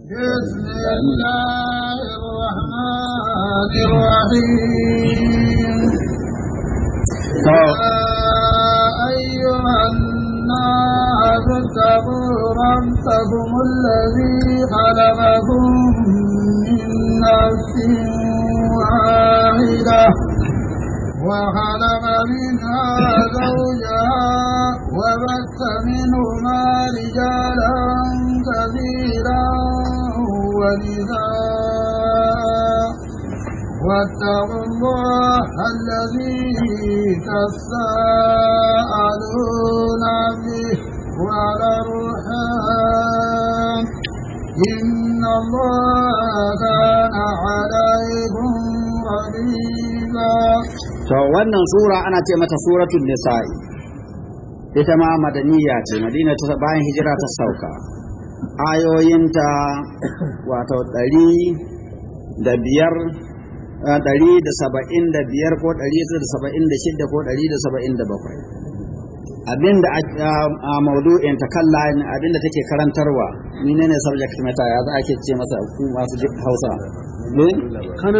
بسم الله الرحمن الرحيم يا أيها الناس اتقوا ربكم الذي خلقكم من نفس واحدة وخلق منها زوجها وبث منهما رجالا واتقوا الله الذي تساءلون To wannan sura ana ce mata suratul nisa'i ita ma madaniya ce madina ta bayan hijira ta sauka ayoyinta wato ɗari da biyar ɗari da saba'in da biyar ko ɗari da saba'in da shidda ko ɗari da saba'in da bakwai abinda a maudu'in ta kalla abinda take karantarwa ni ne ne subject matter ya za a ke ce masa ku masu hausa eh? kan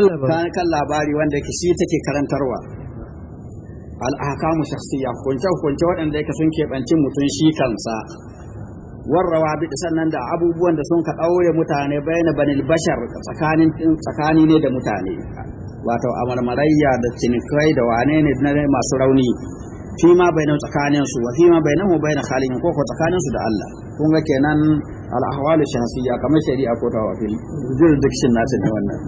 labari wanda ke shi take karantarwa al'akamu shakhsiyya hukunce hukunce waɗanda yake sun keɓanci mutum shi kansa warrawa bi sannan da abubuwan da sun ka ɗaure mutane bayan banil bashar tsakanin tsakani ne da mutane wato marmarayya da cinikai da wane ne na masu rauni fima bainan tsakanin su wa fima bainan mu bainan halin ko ko tsakanin su da Allah kun ga kenan al ahwalu shahsiyya kamar shari'a ko ta wafi jurisdiction nace da wannan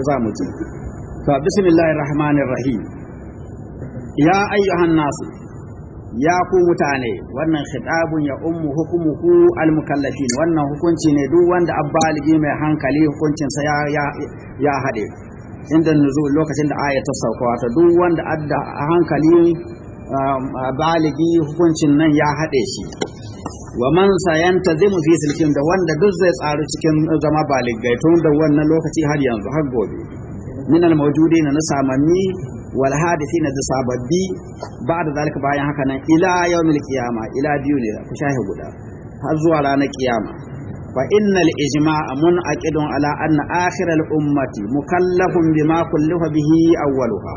za mu ci to bismillahir rahmanir rahim ya ayyuhan nasu ya ku mutane wannan khitabun ya ummu hukumuhu almukallafin wannan hukunci ne duk wanda abbaligi mai hankali hukuncin sa ya ya, ya hade inda nuzul lokacin da aya ta sauka wato duk wanda adda hankali um, baligi hukuncin nan ya hade shi wa man sayantazimu fi silkin da wanda duk zai tsaru cikin zama baligai tun da wannan lokaci har yanzu har gobe min al-mawjudin na samanni wal hadisi na sababbi ba da zalika bayan haka nan ila yawmil qiyama ila biyu ne ku shahi guda har zuwa ranar kiyama fa innal ijma'a munaqidun ala anna akhiral ummati mukallafun bima kullifa bihi awwaluha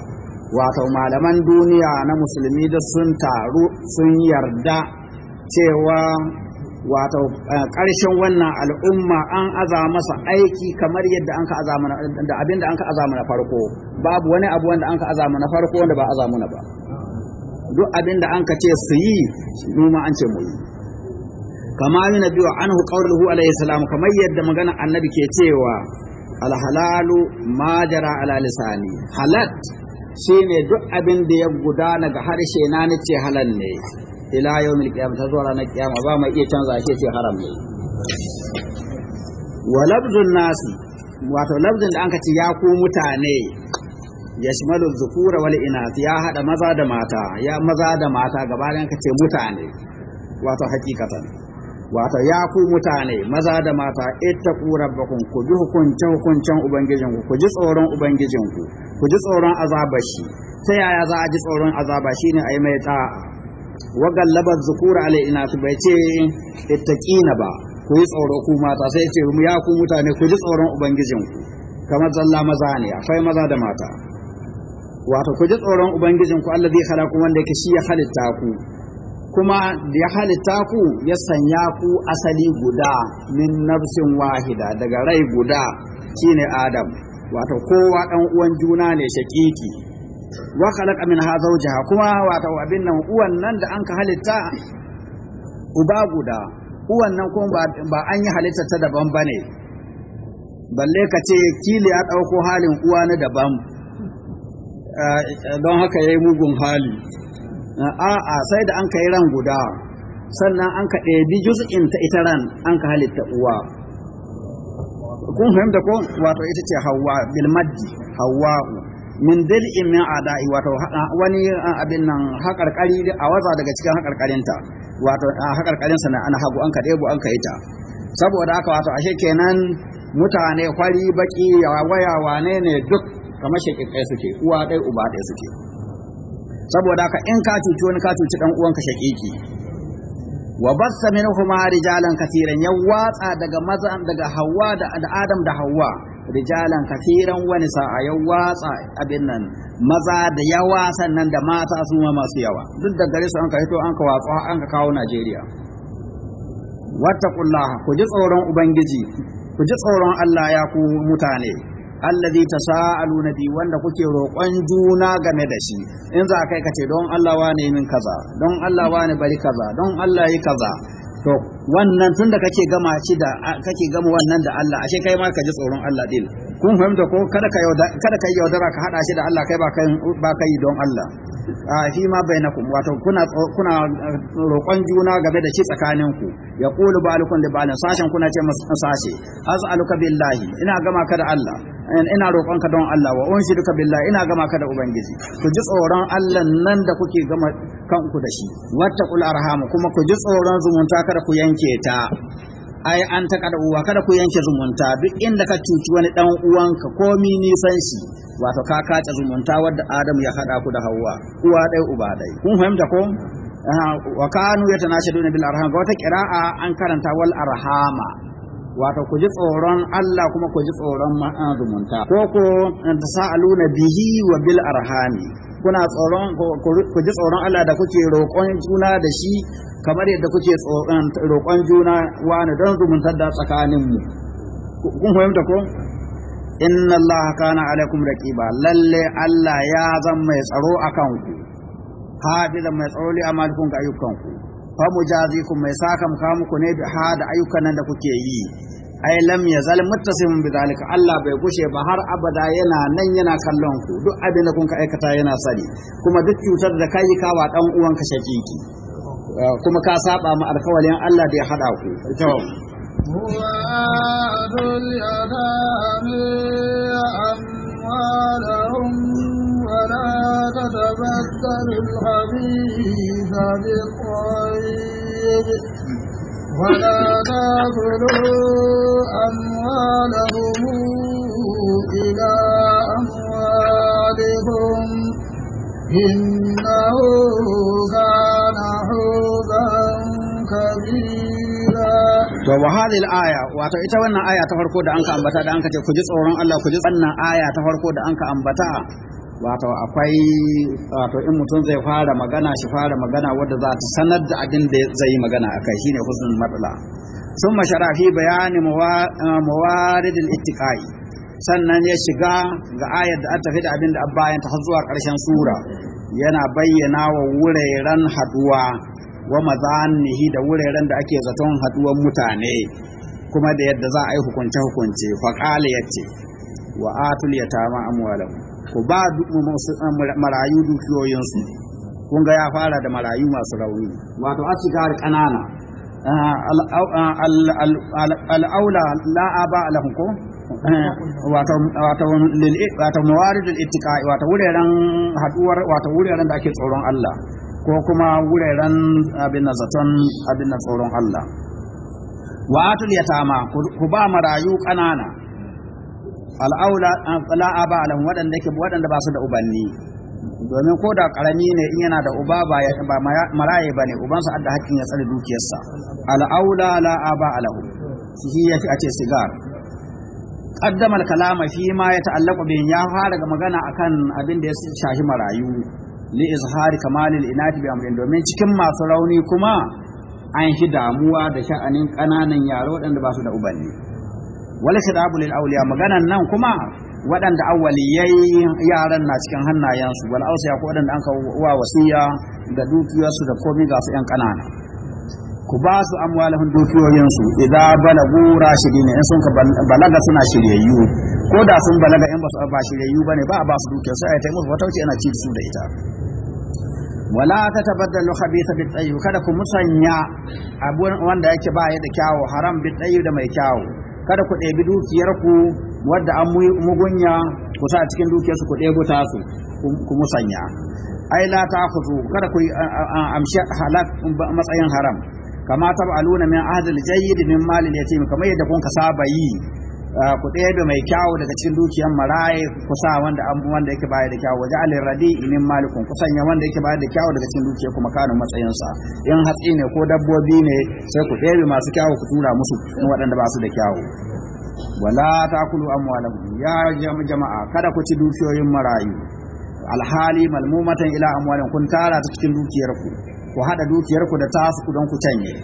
wato malaman duniya na musulmi da sun taru sun yarda cewa wato eh, ƙarshen wannan al'umma an aza masa aiki kamar yadda an ka aza da abin da an ka aza na farko babu wani abu wanda an ka aza na farko wanda ba aza mana ba duk abin da an ka ce su yi mu ma an ce mu yi kamar yana biyo anhu qauluhu alayhi salam kamar yadda magana annabi ke cewa alhalalu ma jara ala lisani halat shine duk abin da ya gudana ga harshe na nace halal ne ila yawmil qiyamah ta zuwa ranar kiyama ba mai iya canza shi ce haram ne wa labzun nasi wato labzun da anka ci ya ku mutane yashmalu dhukura wal inath ya hada maza da mata ya maza da mata gaba da anka ce mutane wato hakikatan wato ya ku mutane maza da mata ittaqu rabbakum ku bi hukuncin hukuncin ubangijinku ku ji tsoron ubangijinku ku ji tsoron azabashi, ta yaya za a ji tsoron azaba shine ayi mai ta'a wa gallaba zukura alai su bai ce ittaqina ba ku yi tsoro ku mata sai ce mu ya ku mutane ku ji tsoron ubangijinku kamar zalla maza ne akwai maza da mata wato ku ji tsoron ubangijinku allazi khalaqa wanda yake shi ya halitta ku kuma ya halitta ku ya sanya ku asali guda min nafsin wahida daga rai guda shine adam wato kowa dan uwan juna ne shakiki wa khalaqa minha zawjaha kuma wato abin nan uwan nan da an ka halitta uba guda uwan nan kuma ba an yi halitta ta daban bane balle ka ce kila ya dauko halin uwa na daban eh, don haka yayi mugun hali a'a sai da an kai ran guda sannan an ka ɗebi juz'in ta ita ran an ka halitta uwa kun fahimta ko wato ita ce hawa bilmaddi hawa'u min dil'in min ada'i wato wani abin nan haƙarƙari a waza daga cikin haƙarƙarinta wato haƙarƙarinsa na ana hagu an kaɗe bu an kai ta saboda haka wato ashe kenan mutane kwari baki waya wane ne duk kamar ɗaya suke uwa ɗaya uba ɗaya suke saboda haka in ka cuci wani ka cuci ɗan uwanka shaƙiƙi wa bassa minhuma rijalan katiran ya watsa daga maza daga hawa da adam da hawa rijalan kafiran wani sa ya watsa abin nan maza da yawa sannan da mata su ma masu yawa duk da gare su an ka hito an ka watsa an ka kawo Najeriya wattaqullaha ku ji tsoron ubangiji ku ji tsoron Allah ya ku mutane allazi tasa'alu nabi wanda kuke roƙon juna game da shi in za kai ka ce don Allah wane min kaza don Allah wane bari kaza don Allah yi kaza to wannan tunda kake gama shi da kake gama wannan da Allah ashe kai ma ka ji tsoron Allah din kun fahimta ko kada ka yaudara kada ka yaudara ka hada shi da Allah kai ba kai ba kai don Allah a fi ma bainakum wato kuna kuna eh, roƙon juna game da shi tsakaninku ya qulu ba'alukum li ba'alin sashen kuna ce sashe az'aluka billahi ina gama ka da Allah Eh, ina roƙonka don Allah wa unshi duka billahi ina gama ka da ubangiji ku ji tsoron Allah nan da kuke gama kanku da shi wattaqul arhamu kuma ku ji tsoron zumunta kada ku yanke ta ai an ta kada uwa kada ku yanke zumunta duk inda ka cuci wani dan uwanka komi nisan shi wato ka kace zumunta wadda Adam ya hada ku da Hawwa uwa dai uba dai kun fahimta ko wa kanu yatanashaduna bil arham ga wata qira'a an karanta wal arhama wato ku ji tsoron Allah kuma ku ji tsoron ah, zumunta ko ko eh, ta bihi wa bil arhami kuna tsoron ku ji tsoron Allah da kuke roƙon juna da shi kamar yadda kuke tsoron eh, roƙon juna wani don zumuntar da tsakanin mu kun fahimta ko inna Allah kana alaikum raqiba lalle Allah ya zama mai tsaro akan ku da mai tsaro li amalikum ga ayyukan ku fa kun mai saka ku ne bi hada ayyukan nan da kuke yi ai lam yazal muttasimun bidhalika Allah bai gushe ba har abada yana nan yana kallon ku duk abin da kun ka aikata yana sani kuma duk cutar da kai wa dan uwanka shakiki kuma ka saba mu alkawalin Allah da ya hada ku to وآتوا اليتامى ولا تتبدل الحديث بالطيب ولا تاكلوا أموالهم إلى أموالهم إنه كان حوبا كبيرا to wa hadhihi aya wato ita wannan aya ta farko da anka ambata da anka ce ku ji tsoron Allah ku ji wannan aya ta farko da anka ambata wato akwai wato in mutum zai fara magana shi fara magana wadda za ta sanar da abin da zai yi magana a kai shine husnul matla sun mashara fi bayani eh, mawaridin ittiqai sannan ya shiga ga ayar da aka da abin da bayan ta har zuwa ƙarshen sura yana bayyana wa wuraren haduwa wa mazanihi da wuraren da ake zaton haduwar mutane kuma da yadda za a yi hukunce-hukunce faƙala ya ce wa ya tama amwalahu ku ba marayu dukiyoyinsu kun ga ya fara da marayu masu rauni wato asigar kanana al'aula ah, ah, la'aba alahun ko eh, wato da itika wato wuraren haduwar wato wuraren da ake tsoron Allah ko kuma wuraren abin na zaton abin na tsoron Allah wa atul yatama ku ba marayu kanana al'aula an ah, fala ba alam waɗanda ke waɗanda ba su da ubanni domin ko da ƙarami ne in yana da uba ba ba maraye bane ubansa adda hakkin ya tsare dukiyarsa al'aula la aba alahu shi ya fi a ce sigar Ƙaddamar al-kalama fi ma ya ta'allaqu bin ya fara ga magana kan abin da ya shahi marayu li izhari kamalil inati bi amrin domin cikin masu rauni kuma an shi damuwa da sha'anin ƙananan yaro waɗanda ba su da ubanni da khitabu lil auliya maganan nan kuma waɗanda awwaliyai yaran na cikin hannayensu wal ausiya ko waɗanda an wa wasiya da dukiyarsu da komai ga su yan kanana ku ba su amwalahun dukiyoyinsu idan balagu rashidi ne in sun ka balaga suna shiryayyu ko da sun balaga in ba su ba shiryayyu bane ba a ba su dukiyar sai a yi musu wata wuce ana ci su da ita wala ta tabaddalu khabitha bit tayyib kada ku musanya abu wanda yake ba ya da kyawu haram bit tayyib da mai kyawu kada ku ɗebi dukiyarku wadda an mugunya ku sa cikin dukiyarsu ku ɗebo su ku musanya ai la ta khuzu kada ku amshi halak matsayin haram kama aluna min ahdil jayyid min malil yatim kamar yadda kun ka saba yi Eh, ku ɗebe mai kyawu daga cikin dukiyar maraye ku sa wanda an wanda yake baya da kyawu waje alin radi inin malikun ku sanya wanda yake baya da kyawu daga cikin dukiyar kuma kanu matsayinsa in hatsi ne ko dabbobi ne sai ku ɗebe masu kyawu ku tura musu waɗanda ba su da kyawu wala takulu amwalahum ya jama'a kada ku ci dukiyoyin marayu alhali malmumatan ila amwalin kun tara ta cikin dukiyar ku ku hada dukiyar ku da tasu don ku canye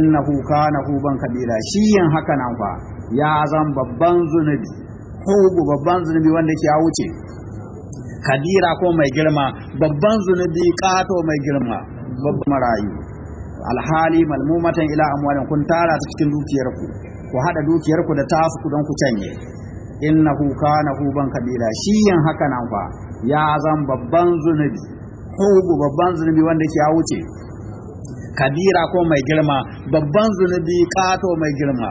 innahu kana huban kabila shi yin haka nan fa ya zan babban zunubi hugu babban zunubi wanda ke ya wuce kadira ko mai girma babban zunubi kato mai girma babban marayu alhali malmumatan ila amwalin kun tara ta cikin dukiyarku ku hada dukiyarku da tasu ku don ku canye innahu kana huban kadira shi yin haka nan fa ya zan babban zunubi hugu babban zunubi wanda ke ya wuce kadira ko mai girma babban zunubi kato mai girma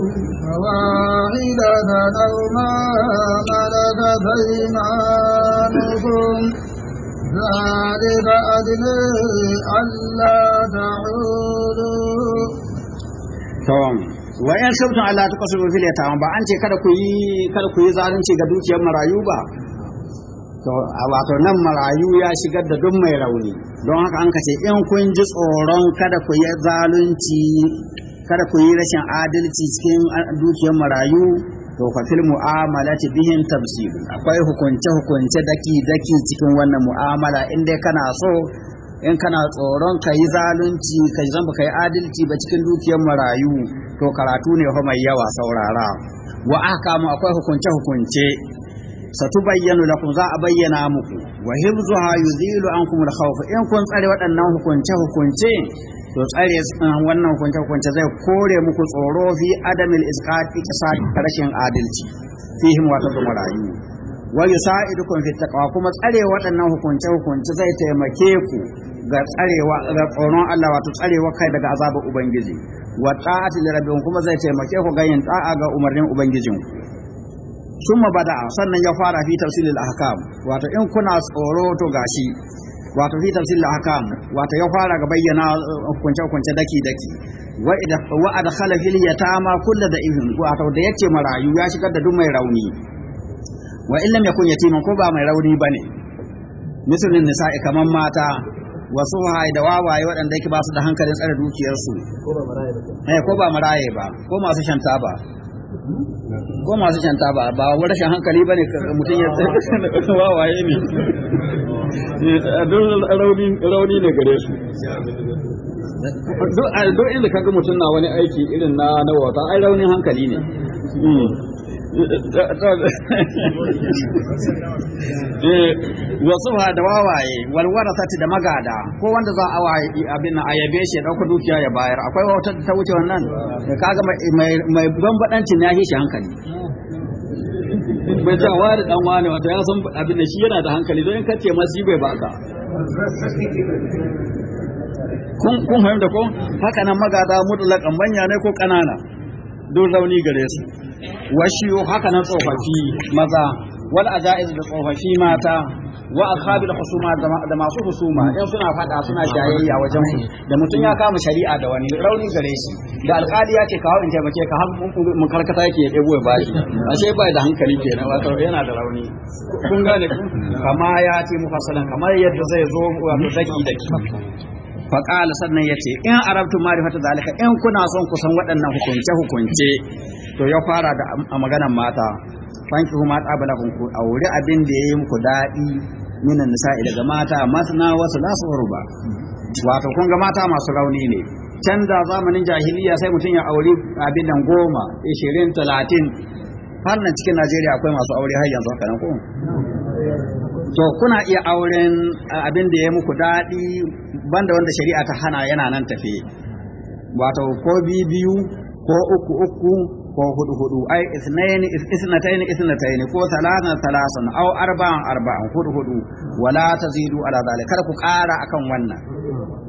واحدة أو ذلك أدنى ألا تعولوا wa in sabtun Allah ta kasu ya yatama ba an ce kada ku yi kada ku yi zalunci ga dukiyar marayu ba to a wato nan marayu ya shigar da duk mai rauni don haka an kace in kun ji tsoron kada ku yi zalunci kada ku yi rashin adalci cikin dukiyar marayu to fa fil ta bihin tamsil akwai hukunce hukunce daki daki cikin wannan mu'amala in dai kana so in kana tsoron ka yi zalunci ka zan baka yi adalci ba cikin dukiyar marayu to karatu ne fa mai yawa saurara wa ahkamu akwai hukunce hukunce satubayyanu lakum za a bayyana muku wa hibzuha yuzilu ankum al-khawf in kun tsare waɗannan hukunce hukunce to tsare wannan hukunce-hukunce zai kore muku tsoro fi adamil iskati ta rashin adalci fihim wata rayu. wa yusaidukum fi taqwa kuma tsare waɗannan hukunce-hukunce zai taimake ku ga tsarewa ga tsoron Allah wato tsarewa kai daga azabar ubangiji wa ta'ati rabin kuma zai taimake ku ga yin ta'a ga umarnin ubangijin summa bada'a sannan ya fara fi tafsilil ahkam wato in kuna tsoro to gashi wato fi tafsir al hakam wato ya fara ga bayyana uh, hukunce hukunce daki daki wa idha wa adkhala fil yatama kullu da'ifin wato da yace marayu ya shigar da duk mai rauni wa in lam yakun yatiman ko ba mai rauni bane misalin nisa kaman mata wasu wahaye da wawaye waɗanda yake ba su da hankalin tsare dukiyarsu ko ba maraye ba eh, ko masu shan taba ko masu shan taba ba rashin hankali bane mutum ya wawaye ne rauni ne gare su duk inda kaga mutum na wani aiki irin na na wata ai raunin hankali ne hmm. eh, wasu da wawaye walwara sati da magada ko wanda za a abin a yabe shi ya dauka dukiya ya bayar akwai wata ta wuce wannan kaga mai bambaɗancin ya shi hankali bai ce wani dan wani wata ya san abin da shi yana da hankali don in kace ma bai baka kun kun fahimta ko haka nan magada mutlaqan manya ne ko kanana don rauni gare su washiyo haka nan tsofaffi maza wal ajaiz da tsofaffi mata wa da husuma da masu husuma in suna fada suna jayayya wajen su da mutum ya kama shari'a da wani rauni gare shi da alƙali ya ce kawo in taimake ka har mun karkata yake ya ɗebo ya bashi sai ba da hankali kenan wato yana da rauni kun gane kama ya ce mufassalan kamar yadda zai zo wato daki daki faƙala sannan ya ce in arabtu marifata zalika in kuna son ku san waɗannan hukunce hukunce to ya fara da magana mata fanki kuma ta kun ku aure abin da ya yi muku daɗi minan nisa'i daga mata masna wasu thulatha wa wato kun ga mata masu rauni ne canza zamanin jahiliya sai mutum ya auri abin nan goma ishirin talatin har nan cikin najeriya akwai masu aure har yanzu haka nan ko to kuna iya auren abin da ya muku daɗi banda wanda shari'a ta hana yana nan tafe wato ko biyu ko uku uku ko hudu hudu ai isnaini isnataini isnataini ko salasan salasan aw arba'an arba'an hudu hudu wala tazidu ala zalika kada ku ƙara akan wannan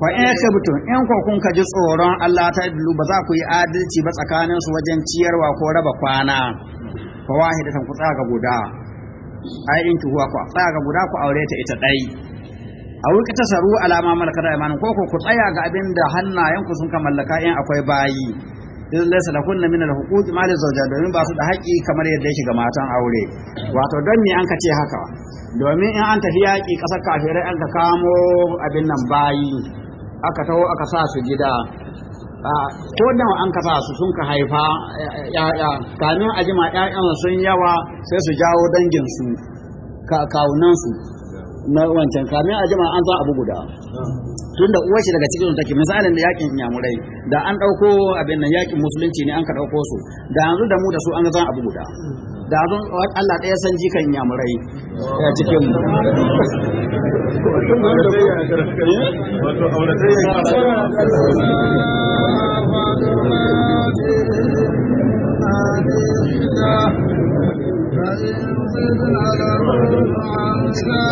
fa in khibtum in ko kun ka ji tsoron Allah ta dilu ba za ku yi adalci ba tsakanin su wajen ciyarwa ko raba kwana fa wahidatan ku tsaga guda ai in ki huwa ku tsaga guda ku aure ta ita dai a wuka tasaru alama malakar imanin ko ku tsaya ga abin da hannayen ku sun ka mallaka in akwai bayi idan laysa lakunna min al-huquq ma da zawja domin ba su da haƙi kamar yadda ya shiga matan aure wato don me an kace haka domin in an tafi yaƙi ƙasar kafirai an ka kamo abin nan bayi aka taho aka sa su gida ko da an ka sa su sun ka haifa ya'ya eh, eh, kamin a jima ƴaƴan sun yawa sai su jawo dangin su kawunan su na wancan kamin a jima an za abu guda tunda uwar shi daga cikin take misalin da yakin inyamurai da an dauko abin nan yakin musulunci ne an ka dauko su da yanzu da mu da su an zan abu guda da yanzu Allah ɗaya san jikan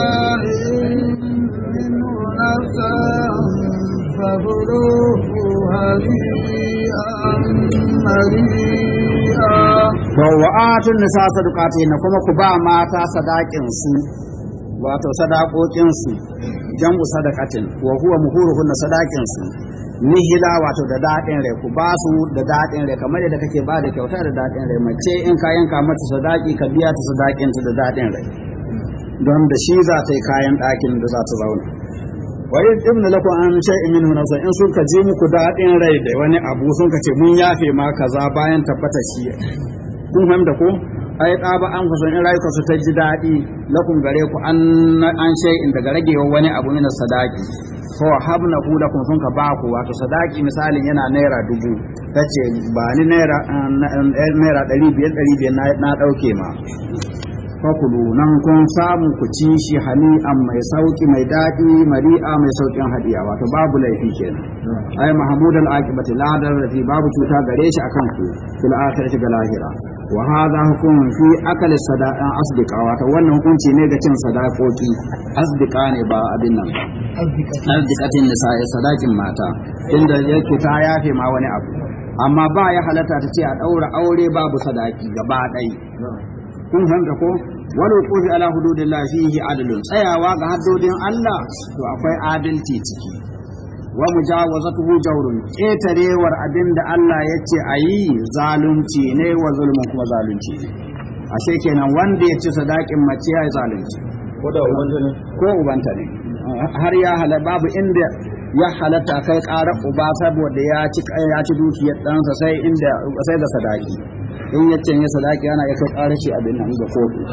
inyamurai ya cikin mu فإن فكلوه هنيئا nisa وآتوا النساء na kuma ku ba mata sadakinsu wato sadakokinsu jam'u sadakatin wa huwa na sadakinsu nihila wato da daɗin rai ku ba su da daɗin rai kamar yadda kake ba da kyauta da daɗin rai mace in ka yanka mata sadaki ka biya ta sadakin da daɗin rai don da shi za ta yi kayan ɗakin da za ta zauna wa yin ibnu lakum an shay'in minhu nafsa in sun ka je muku daɗin rai da wani abu sun ka ce mun yafe ma kaza bayan tabbata shi kun fahimta ko ai da ba an kusan in rayuka su ta ji daɗi lakum gare ku an an shay'in daga ragewa wani abu min sadaqi fa habna hu lakum sun ka ba ku wato sadaqi misalin yana naira dubu tace ba ni naira eh, naira 500 500 na dauke ma fakulu nan kun samu ku ci shi hani'an mai sauki mai daɗi mari'a mai saukin hadiya wato babu laifi kenan ai mahmud al aqibati la darati babu cuta gare shi akan ku fil akhirati ga lahira wa hadha hukum fi akal sadaqa asdiqa wato wannan hukunci ne ga cin sadaqoki asdiqa ne ba abin nan asdiqatin nisa'i sadaqin mata inda yake ta yafe ma wani abu amma ba ya halatta ta ce a daura aure babu sadaki gaba ɗaya kun fahimta ko wani kofi ala hududillahi fihi adalun tsayawa ga haddodin Allah to akwai adalci ciki wa mu ja hu jaurun ƙetarewar abinda Allah ya ce a yi zalunci ne wa zulmin kuma zalunci ne ashe kenan wanda ya ci sadakin mace ya yi zalunci ko da ubanta ne ko ubanta ne har ya hala babu inda ya halatta kai ƙarar uba saboda ya ci dukiyar ɗansa sai inda sai da sadaki in ya ana ya kai karashi abin da ga kofi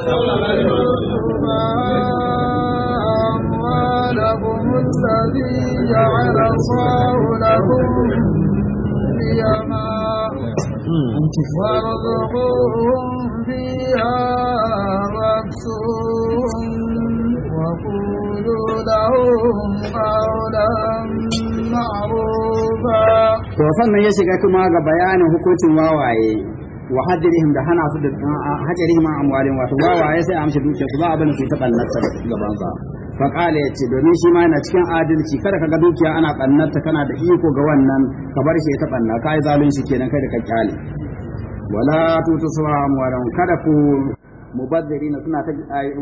hmm. ya shiga kuma ga bayanin hukuncin wawaye. wa ده da hana حجرهم اموالهم hajjarihim an سي امشي wawaye sai amshi dukiyar su ba abin su ta ballata gaban sa fa ma yana cikin adalci kada ka ga dukiya ana ballata kana da iko ga wannan ka bar shi ta tabanna kai zalunci kenan kai da ka kyale wala tutu suwa amwalan kada ku mubazzirina suna ta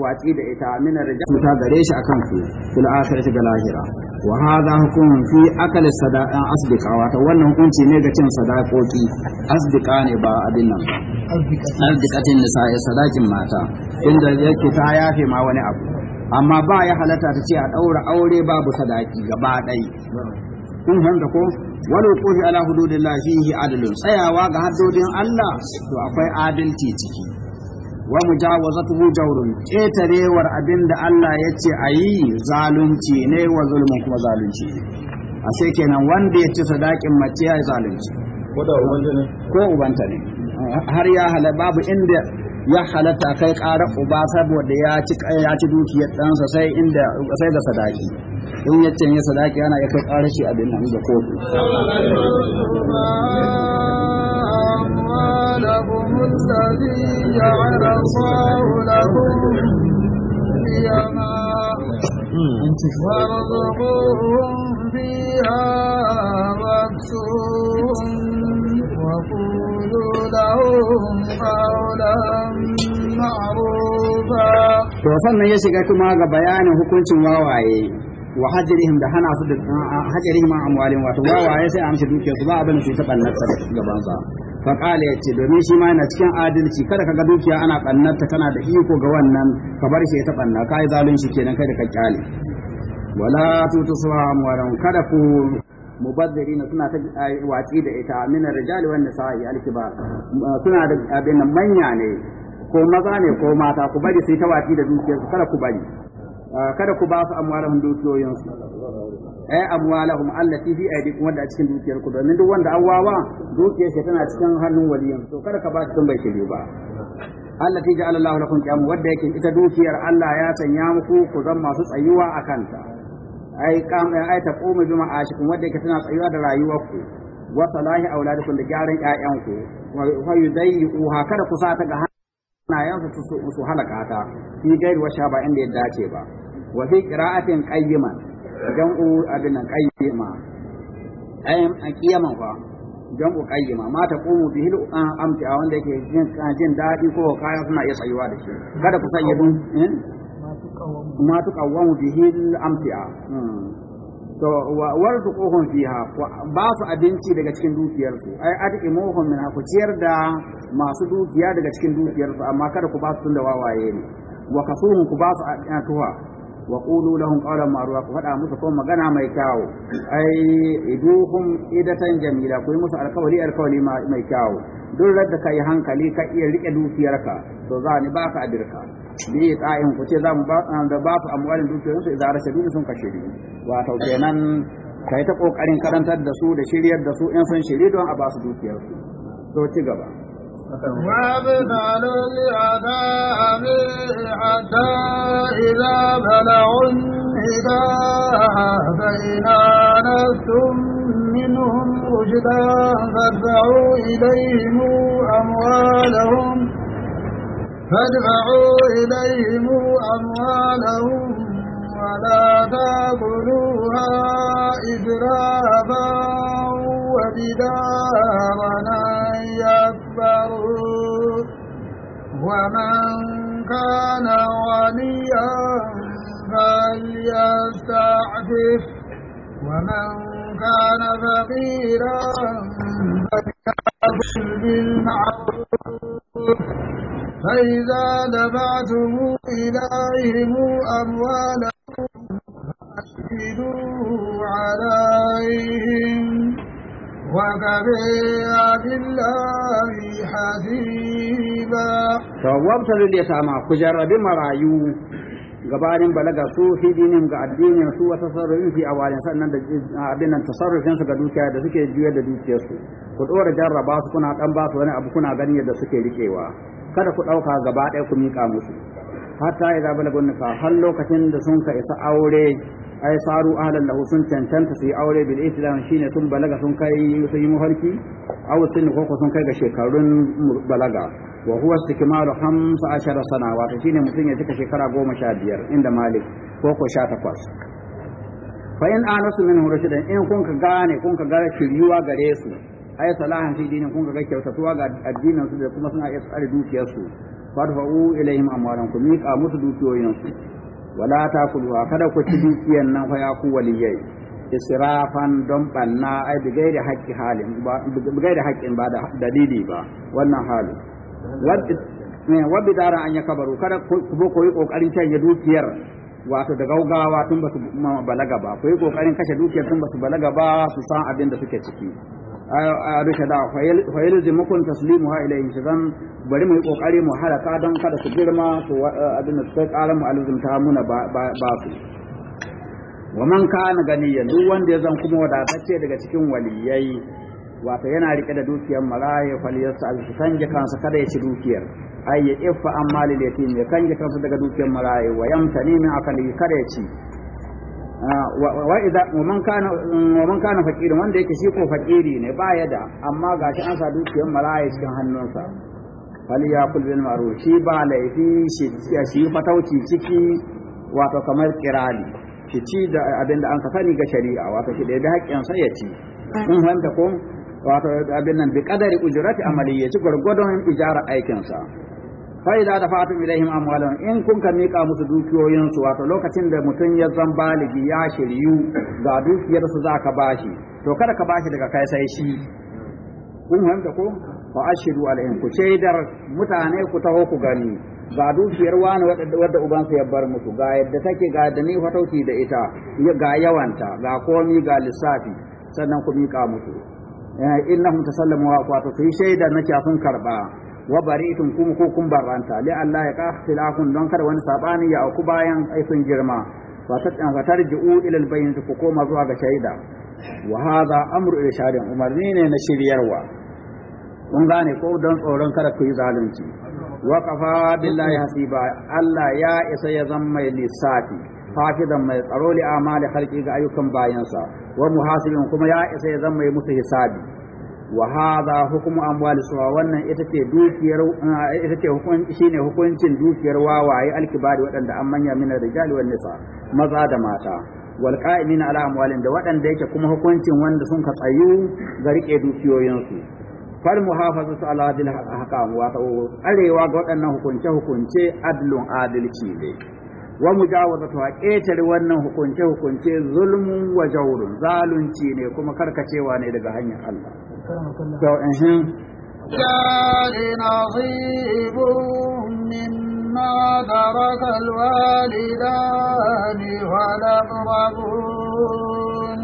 watsi da ita min rijal ta gare shi akan su fil akhirati ga lahira. wa hadha hukumun fi akal sadaqa asdiqa wato wannan hukunci ne ga cin sadaqoki asdiqa ne ba abin nan asdiqatin nisa'i sadaqin mata inda yake ta yafe ma wani abu amma ba ya halata ta ce a daura aure babu sadaki gaba ɗai kun da ko wani kofi ala hududin lafihi adalun tsayawa ga haddodin Allah to akwai adalci ciki wa mujawazatuhu jawrun ketarewar abinda Allah ya ce ayi zalunci ne wa zulmun kuma zalunci a sai kenan wanda ya ci sadakin mace ya zalunci ko da ubanta ne ko ubanta ne har ya hala babu inda ya halatta kai ƙara uba saboda ya ci ya ci dukiyar ɗansa sai inda sai da sadaki in ya ce sadaki yana ya kai ƙara shi abin nan da kotu Kuwala kumusazija har kuswawola kunyona, kwasukun siya batso, kwa kusodawa kawulamu wawaye. wa hajrihim da hana su da hajrihim an amwalin wato wawaye sai amshi dukiyar su ba abin su ta bannar da gaban sa fa qala yace domin shi ma yana cikin adalci kada ka ga dukiya ana bannar ta kana da iko ga wannan ka bar shi ta zalun kai ke kenan kai da ka kyale wala tutusuha amwalan kada ku na suna ta watsi da ita min rijali wan nisa'i al-kibar suna da abin manya ne ko maza ne ko mata ku bari sai ta watsi da dukiyarsu kada ku bari Eh, kada ku ba su amwalahum dukiyoyinsu ay eh, amwalahum allati fi aydikum wanda a cikin dukiyar ku domin duk wanda awawa dukiyar shi tana cikin hannun waliyan to kada ka ba su tun bai ba allati ja'ala Allahu lakum qiyam wanda yake ita dukiyar Allah ya sanya muku ku zan masu tsayuwa akan ta ai kam eh, ai ta qoma bi ma'ashikum wanda yake tana tsayuwa da rayuwarku wa salahi auladukum da gyaran ku wa ha kada ku sa ta ga yanzu su halaka ta fi gair'uwa sha ba inda ya dace ba wa fi qira'atin qayyima jam'u abin qayyima ayyam aqiyama fa jam'u qayyima ma ta qumu bihi amti wanda yake jin jin dadi ko kayan suna iya tsayuwa da shi kada ku sanya dun eh? ma tu qawwamu bihi amti'a hmm. to warzuquhum fiha ba su abinci daga cikin dukiyar dukiyarsu ai adimuhum min ku ciyar da masu dukiya daga cikin dukiyar su. amma kada ku ba su tunda wawaye ne wa kasuhum ku ba su tuha wa qulu lahum maruwa ku faɗa musu kuma magana mai kyawu ai iduhum idatan jamila ku yi musu alkawali alkawali mai kyawu duk da ka yi hankali ka iya rike dukiyarka to za ni ka adirka bi ta'in ku ce za mu ba su amwalin dukiyarsu idan rashadu sun kashe ni wato kenan kai ta kokarin karantar da su da shiryar da su in sun shiri don a ba su dukiyarsu to ci gaba وابتلوا بعذاب حتى إذا بلغوا النكاح فإذا أنستم منهم رشدا فادفعوا إليهم أموالهم فادفعوا إليهم أموالهم ولا تأكلوها إسرافا وبدارا أكبر ومن كان غنيا فليستعفف ومن كان فقيرا فليأكل بالمعروف فإذا دفعتم إليهم أموالهم فأشهدوا على wabtalin da ya sama ku jarrabi marayu gabanin balaga su fi ga addinin su wata sarrafin fi awalin sannan da abin nan tasarrufin su ga dukiya da suke juya da dukiyar su ku dora jarraba su kuna dan ba su wani abu kuna ganin yadda suke rikewa kada ku dauka gaba ɗaya ku mika musu hatta idza balagun ka har lokacin da sun ka isa aure ai saru ahlan lahu sun cancanta su yi aure bil islam shine sun balaga sun kai sun yi mafarki aw sun ko sun kai ga shekarun balaga wa huwa istikmalu 15 sana wato shine mutum ya cika shekara 15 inda malik ko ko 18 fa in anasu min hurushidan in kun ka gane kun ka ga shiryuwa gare su ai salahan fi dinin kun ka ga kyautatuwa ga addinin su da kuma suna iya tsare dukiyar su fadfa'u ilaihim amwalankum miqa musu dukiyoyin su wala ta kuluwa kada ku ci dukiyan nan fa ya ku waliyai israfan don banna ai da da haƙƙi halin ba bigai haƙƙin ba da dalili ba wannan hali. wa eh, bidara an ya kabaru kada ku ko yi kokarin canje dukiyar wato da gaugawa tun ba su balaga ba ku yi kokarin kashe dukiyar tun ba su balaga ba su san abin da suke ciki a rushe da fa yalzimukum taslimuha ilayhi zan bari mu yi kokari mu halaka don kada su girma su eh, abin da su kai karan mu ta muna ba su wa man kana ganiyan duk wanda ya zan kuma wadatacce daga cikin waliyai wato yana rike da dukiyar maraya faliyarsa a kanje kansa kada ya ci dukiyar ai ya iffa an mali ya kanje kansa daga dukiyar maraya wa yamtani min akali kada ya ci wa idza man kana man kana fakirin wanda yake shi ko fakiri ne ba ya da amma shi an sa dukiyar malaya cikin hannunsa fali ya kul bil ma'ruf shi ba laifi shi shi fatauci ciki wato kamar kirali shi ci da abin an ka sani ga shari'a wato shi da haƙƙin sa ya ci in fahimta ko wato abin nan bi qadari ujrati ci gurgudun ijara aikin sa faida da dafa'tum ilaihim amwalan in kun ka mika musu dukiyoyin su wato lokacin da mutum ya zan baligi ya shiryu ga dukiyar su zaka bashi to kada ka bashi daga kai sai shi kun fahimta ko fa ashiru alaihim ku shaidar mutane ku taho ku gani ga dukiyar wani wadda ubansa ya bar musu ga yadda take ga da ni fatauci da ita ga yawanta ga komi ga lissafi sannan ku mika musu innahum tasallamu wa qatu sai shaida nake sun karba wa bari'tum kum ko kun barranta li Allah ya qahtilakun don kada wani sabani ya auku bayan ai sun girma fa tatan fa tarji'u ila al ku koma zuwa ga shaida wa hadha amru irshadin umarni ne na shiryarwa kun gane ko don tsoron kada ku yi zalunci wa kafa billahi hasiba Allah ya isa ya zama mai lissafi hafizan mai tsaro li amali halki ga ayyukan bayansa wa muhasibin kuma ya isa ya zama mai musu hisabi wa hadha hukmu su suwa wannan ita ce dukiyar ah, ita ce hukunci shine hukuncin dukiyar wawaye alkibari waɗanda an manya min rijali wan nisa maza da mata wal qa'imin ala amwalin da waɗanda yake kuma hukuncin wanda sun ka tsayu ga rike dukiyoyinsu fal muhafazatu ala hadil ahkam wa arewa ga waɗannan hukunce hukunce adlun adalci ne wa mujawazatu ta ƙetare wannan hukunce hukunce zulmun wa jawrun zalunci ne kuma karkacewa ne daga hanyar Allah الرجال نصيب مما ترك الوالدان والأقربون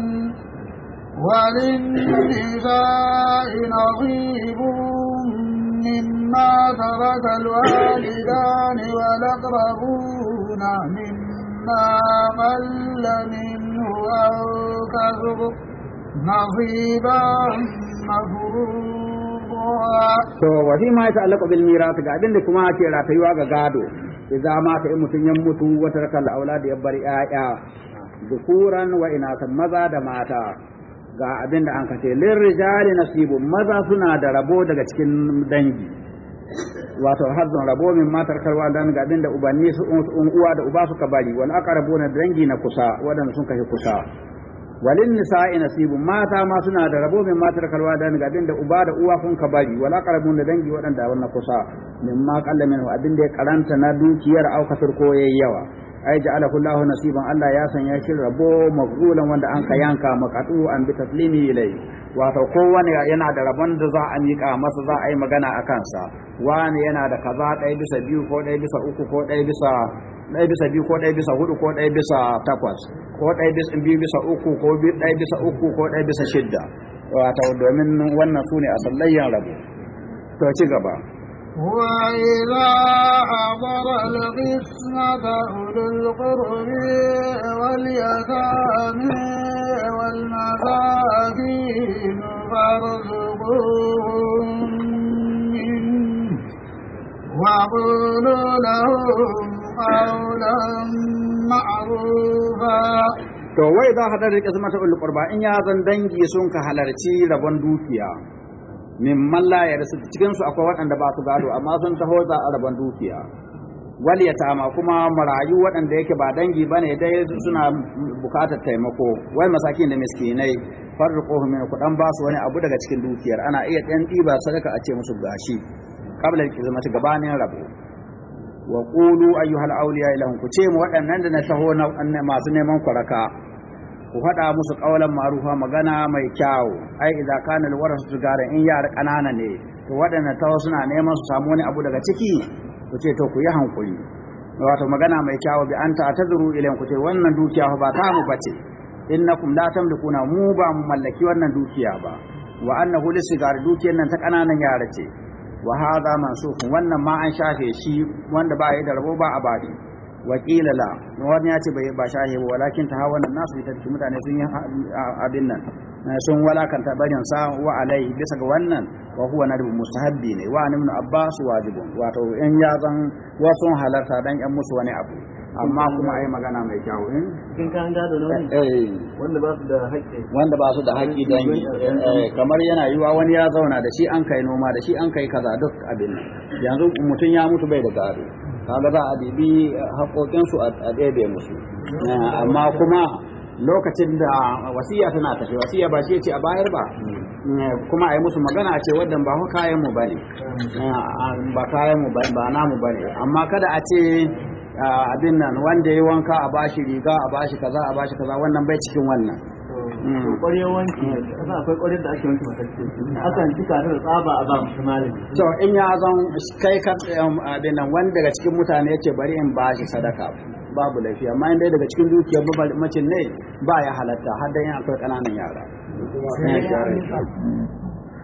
وللنساء نصيب مما ترك الوالدان والأقربون مما قل منه أو كثر to wa ma ma ta'allaka bil su ga abin da kuma ake ratayuwa ga gado idza ma ka mutun ya mutu wata raka al aulad ya bar ya'ya dukuran wa san maza da mata ga abin da an kace jari rijali nasibu maza suna da rabo daga cikin dangi wato hazzon rabo min matar karwa dan ga abin da ubanni su uwa da uba suka bari wal aqrabuna dangi na kusa waɗanda sun kashe kusa walin nisa'i nasibu mata ma suna da rabo min matar kalwa da ga abinda uba da uwa kun ka bari wala qarabun da dangi wadanda wannan kusa min ma kallan min abin da ya karanta na dukiyar au kasar ko yayi yawa ai ja'ala kullahu nasiban Allah ya sanya shi rabo maghlulan wanda an ka yanka makatu an bi taslimi ilai wato kowane yana da rabon da za a mika masa za a yi magana a kansa wani yana da kaza ɗaya bisa biyu ko ɗaya bisa uku ko ɗaya bisa ɗaya bisa biyu ko ɗaya bisa hudu ko ɗaya bisa takwas ko biyu bisa uku ko ɗaya bisa uku ko ɗaya bisa shidda wata domin wannan su ne a sallayyan rabu to ci gaba وإذا حضر القسمة أولو القرب واليتامى والمساكين فارزقوهم منه وقولوا لهم قولا ma'rufa to wai za ka dare kisma ta ulul qurba in ya zan dangi sun ka halarci rabon dukiya min malla ya rasu cikin su akwai waɗanda ba su gado amma sun taho za a rabon dukiya wal yatama kuma marayu waɗanda yake ba dangi ba ne dai suna bukatar taimako wai masakin da miskinai farriquhum min kudan ba su wani abu daga cikin dukiyar ana iya ɗan ɗiba sadaka a ce musu gashi qabla kismati gabanin rabo wa ƙulu ayyuhal awliya ku ce mu waɗannan da na taho na masu neman kwaraka ku haɗa musu ƙaunar ma'rufa magana mai kyawu ai idza kana su gara in yara ƙanana ne to waɗannan taho suna neman su samu wani abu daga ciki ku ce to ku yi hankuli. wato magana mai kyawu bi an ta zuru ilan ku ce wannan dukiya ba ta mu bace innakum la tamlikuna mu ba mu mallaki wannan dukiya ba wa annahu lisigari dukiyar nan ta ƙananan yara ce wa hadha mansukun wannan ma an shafe shi wanda ba yi da rabo ba a bari wa qila la wannan ya ce bai ba shafe ba walakin ta hawa nan nasu ita mutane sun yi abin nan eh, sun walakanta barin sa wa alai bisa ga wannan wa huwa nadu mustahabbi ne wa ibn abbas wajibun wato in ya zan wasu halarta dan yan musu wani abu amma kuma ai magana mai kyau in eh? kin kan gado ne eh wanda ba su da haƙƙi wanda ba su da haƙƙi dangi eh, kamar yana yiwa wani ya zauna da shi an kai noma da shi an kai kaza duk abin yanzu mutum ya mutu bai da gado kaga za a bibi haƙoƙin su a ɗebe musu eh, amma kuma lokacin da wasiya tana tafi wasiya ba shi ce a bayar ba kuma a yi musu magana a ce waɗanda ba kayan mu ne ba kayan mu bane ba namu amma kada a ce abin nan wanda ya wanka a bashi riga a bashi kaza a bashi kaza wannan bai cikin wannan mm. ƙwarya a ba to in ya zan kai ka um, abin nan wanda daga cikin mutane yace bari in bashi sadaka babu laifi amma in dai daga cikin dukiyar mace ne ba ya halatta har dan akwai ƙananan yara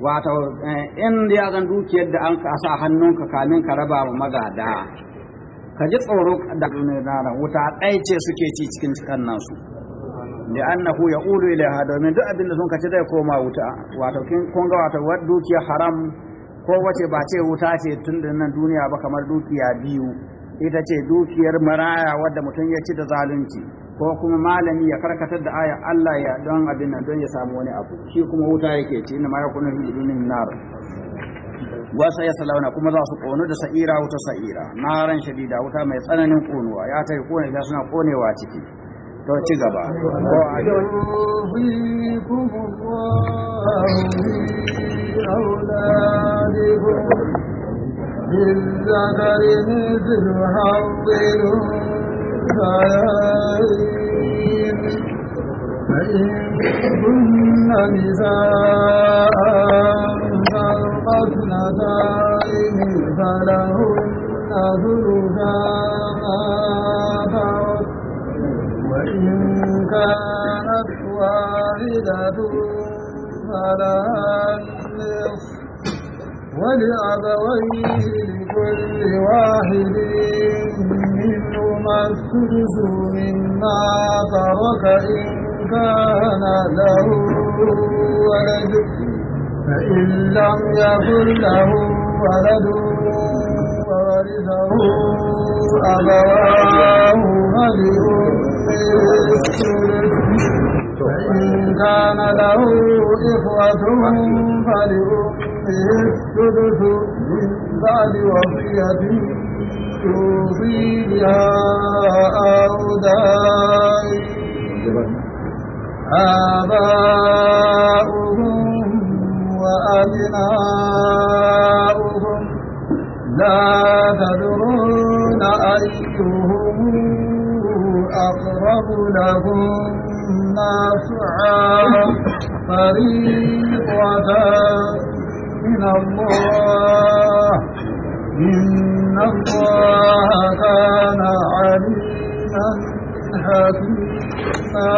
wato eh, in ya zan dukiyar da an ka sa hannunka kamin ka raba wa magada ka ji tsoro da nuna wuta ɗaya ce suke ci cikin cikan nasu da annahu ya ulu ilaiha domin duk abin da sun kace zai koma wuta wato kin kun ga wato dukiyar haram ko wace ba ce wuta ce tun da nan duniya ba kamar dukiya biyu ita ce dukiyar maraya wadda mutum ya ci da zalunci ko kuma malami ya karkatar da aya Allah ya don abin nan don ya samu wani abu shi kuma wuta yake ci ina ma yakunu fi nar wa sai ya salauna kuma za su kono da sa'ira wuta sa'ira naran shadida wuta mai tsananin konuwa ya ta kone da suna konewa ciki to ci gaba للذكر مثل حظ السائل فإن كن نساء فوق اثنتين فلهن ثلثا ما وإن كانت واحدة فلها النصف ولأبويه لكل واحد منهما السدس مما ترك إن كان له ولد فإن لم يكن له ولد وورثه أبواه فلأمه فإن كان له إخوة فلأمه به السدس من بعد وصية توصي بها أو آباؤهم وأبناؤهم لا تدرون أيهم أقرب لهم نفعا فريضة الله إن الله كان عليما حكيما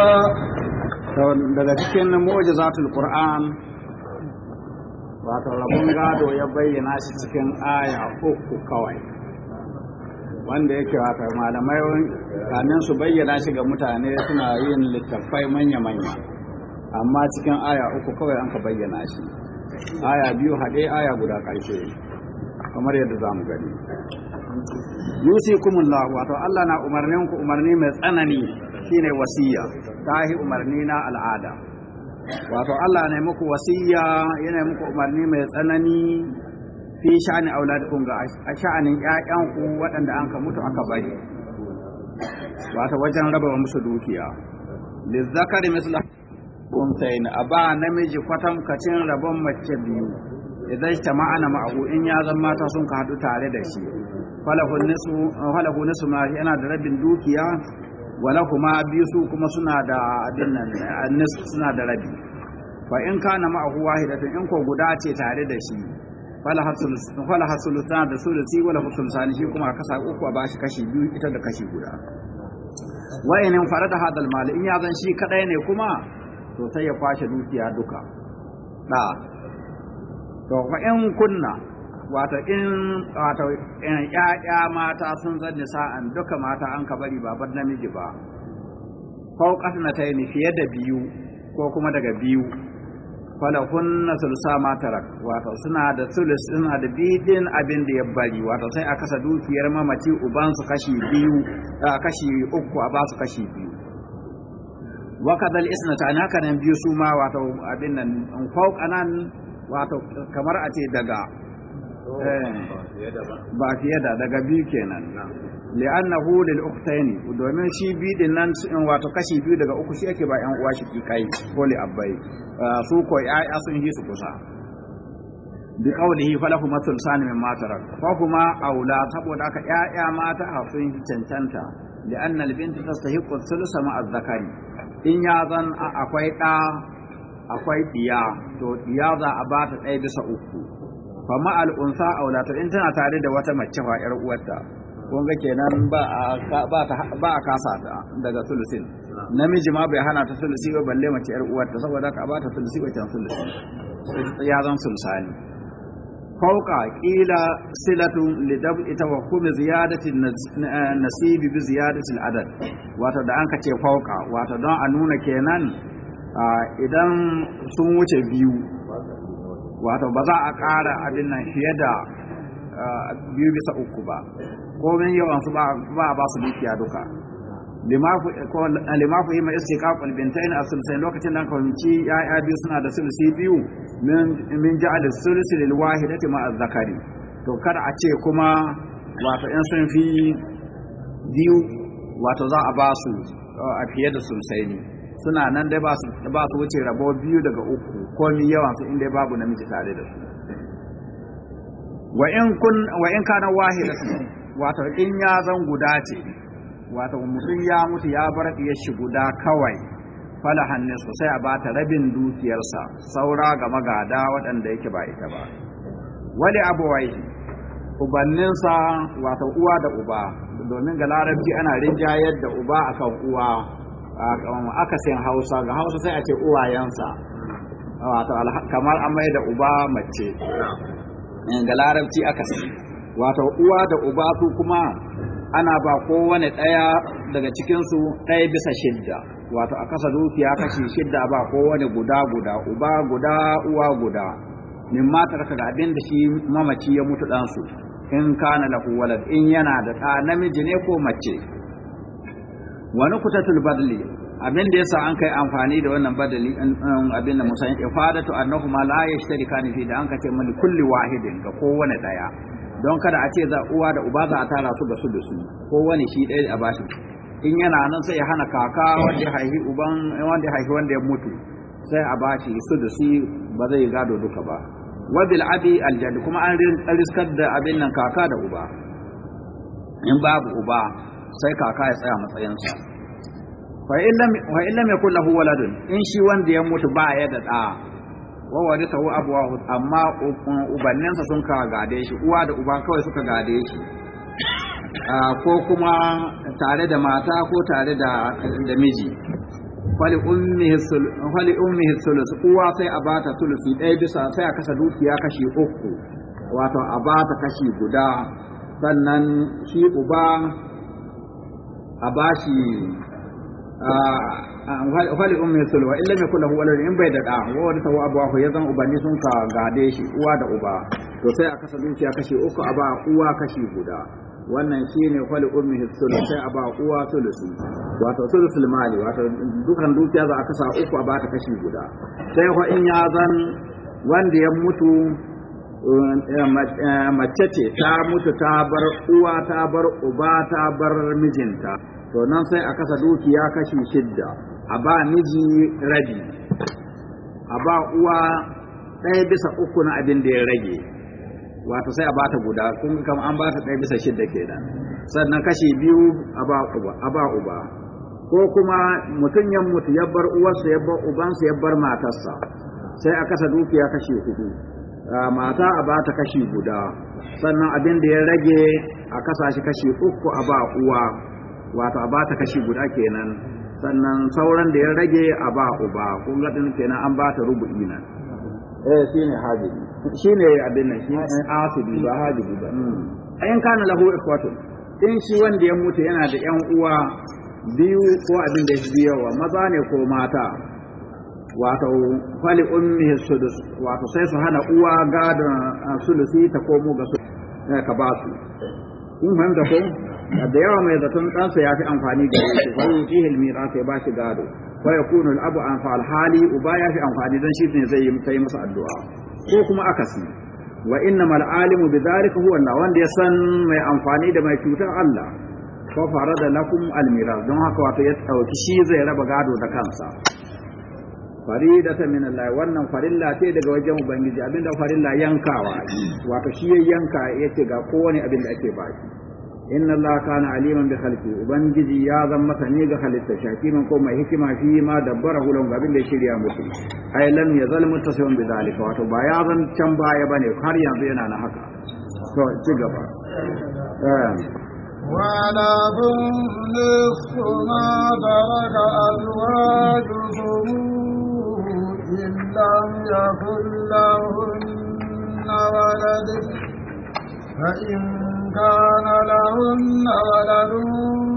daga cikin mu'jizatul Qur'an wato rabon gado ya bayyana shi cikin aya uku kawai wanda yake wato malamai kanin su bayyana shi ga mutane suna yin littattafai manya-manya amma cikin aya uku kawai an ka bayyana shi aya biyu haɗe aya guda ƙarshe kamar yadda za mu gani yusikumullah wato Allah na umarnin ku umarni mai tsanani shine wasiya tahi umarni na al'ada wato Allah ne muku wasiya yana muku umarni mai tsanani fi sha'ani kun ga sha'anin ƴaƴan ku waɗanda an ka mutu aka bari wato wajen raba musu dukiya lizzakari mislah unsayin a ba namiji kwatankacin rabon mace biyu idan ta ma'ana ma'ahu in ya zan mata sun ka haɗu tare da shi falahu nisu ma yana da rabin dukiya wala kuma biyu su kuma suna da abin nan suna da rabi fa in kana ma'ahu wahidatun in ko guda ce tare da shi fala hasul tana da sulusi wala hasul sani shi kuma kasa uku a bashi kashi biyu ita da kashi guda wayanin farada hadal mali in ya zan shi kadai ne kuma to sai ya kwashe dukiya duka da to fa in kunna wato in wato ƴaƴa mata sun zanni sa'an duka mata an ka bari babar namiji ba fauqat na ni fiye da biyu ko kuma daga biyu kunna sulsa ma tarak wato suna da sulus suna da bidin abin da ya bari wato sai a kasa dukiyar mamaci uban su kashi biyu kashi uku a ba su kashi biyu wa kadal isnata an haka nan biyu su ma wato abin nan an fauk anan wato kamar a ce daga ba fiye da daga biyu kenan li'annahu lil ukhtaini domin shi bi din nan wato kashi biyu daga uku shi yake ba yan uwa shi kai ko li abbai su ko ya sun yi su kusa bi qawlihi falahu mathul sani min matara fa kuma aula saboda haka ya'ya mata sun cancanta li'anna al-bintu tastahiqu thulutha ma'a zakari in ya zan akwai ɗa akwai ɗiya to ɗiya za a ba ta ɗaya bisa uku Kuma al'unsa aula to in tana tare da wata mace fa yar uwarta kun ga kenan ba a kasa ta daga sulusin namiji ma bai hana ta sulusi ba balle mace 'yar uwarta saboda ka ba ta sulusi wacan sulusi ya zan sulusani fauka ƙila silatun lidab ita wa kuma ziyadatin nasibi bi ziyadatin adad wato da an kace fauka wato don a nuna kenan idan sun wuce biyu wato ba za a ƙara abin nan fiye da biyu bisa uku ba komin yawan su ba ba su dukiya duka lima fi eh, ma istiqaq al-bintain a sulsain lokacin da aka fahimci ya'ya biyu suna da sulusi biyu min ji ja'al sulusi sulsi lil wahidati ma zakari to kada a ce kuma wato in sun fi biyu wato za a ba su eh, a fiye da sulusai ne suna nan dai ba su wuce rabo biyu daga uku komi yawan su inda babu namiji tare da su wa in kun wa in kana wato in ya zan guda ce wato mutum ya mutu ya bar ya shi guda kawai fala hannu sai a bata rabin dukiyarsa saura ga magada waɗanda yake ba ita ba abu abuwai ubanninsa wato uwa da uba domin ga larabci ana rinjayar da uba akan uwa akasin hausa ga hausa sai a ce uwayensa wato kamar an mai da uba mace ga larabci akasi wato uwa da uba su kuma ana ba kowane ɗaya daga cikinsu ɗaya bisa shidda wato a kasa dukiya kashi shidda ba kowane guda guda uba guda uwa guda min mata ga abin da shi mamaci ya mutu ɗansu in kana lahu walad in yana da ɗa namiji ne ko mace wani kutatul badli abin da yasa an kai amfani da wannan badali abin da musayin ifadatu annahuma la yashtarikani fi da an kace mali kulli wahidin ga kowane daya don kada a ce za uwa da uba za a tara su da su da su ko wani shi ɗaya a bashi in yana nan sai ya hana kaka wanda ya haihi uban wanda ya haihi wanda ya mutu sai a bashi su da su ba zai gado duka ba wabil abi aljad kuma an riskar da abin nan kaka da uba in babu uba sai kaka ya tsaya sa fa illam yakul lahu waladun in shi wanda ya mutu ba ya da da wa abuwa abuwahu amma ubannansa sun ka gade shi uwa da uba kawai suka gade shi ko kuma tare da mata ko tare da da miji fali ummihi sulus uwa sai a bata sulusi ɗaya bisa sai a kasa dukiya kashi uku wato a bata kashi guda sannan shi uba a bashi fali ummi sulhu in lam yakul lahu walad in bai da da wa wanda tawa abahu ya zan ubani sun ka gade shi uwa da uba to sai a kasa dukiya kashi uku a ba uwa kashi guda wannan shine fali ummi sulhu sai a ba uwa sulusi wato sulusul mali wato dukan dukiya za a kasa uku a ba ta kashi guda sai ko in ya zan wanda ya mutu eh, eh, mace ce ta mutu ta bar uwa ta bar uba ta bar mijinta to nan sai a kasa dukiya kashi shidda a ba miji rabi a ba uwa ɗaya bisa uku na abin da ya rage wata sai a ba ta guda kun kam an ba ta ɗaya bisa shidda nan, sannan kashi biyu a ba uba ko kuma mutum ya mutu ya bar uwarsa ya bar ubansa ya bar matarsa sai a kasa dukiya kashi hudu mata a ba ta kashi guda sannan abin da ya rage a kasa shi kashi uku a ba uwa wata a ba ta kashi guda kenan sannan sauran da ya rage a ba uba kun ga din kenan an ba ta rubu'i nan eh shine hajibi shine abin nan shi eh. asibi ba hajibi ba ayan kana lahu ikhwatun in shi wanda ya mutu yana da yan uwa biyu ko abin da yawa maza ne ko mata wato fali ummihi sudus wato sai su hana uwa gadon ah, sulusi ta komo ga su eh, ka ba su kun fahimta ko da yawa mai zaton ɗansa ya fi amfani da shi fa yutihi al sai ba shi gado fa ya al-abu an fa alhali hali uba ya fi amfani don shi ne zai yi masa addu'a ko kuma akasi wa innamal alimu bidhalika huwa Allah wanda ya san mai amfani da mai cutar Allah fa farada lakum al-miras don haka wato ya dauki shi zai raba gado da kansa faridatan min Allah wannan farilla ce daga wajen ubangiji abinda farilla yankawa wato shi yanka yace ga kowane abin da ake baki In inna Allah kana aliman bi khalqi ubangiji ya zan masa ne ga halitta shakiman ko mai hikima fi ma dabbara hulun ga abin da ya shirya musu ai lam yazal muttasimun bi zalika wato ba ya zan can baya bane har yanzu yana na haka to ci gaba ولكم نصف ما ترك أزواجكم إن لم يكن لهن ولد فإن كان لهن ولد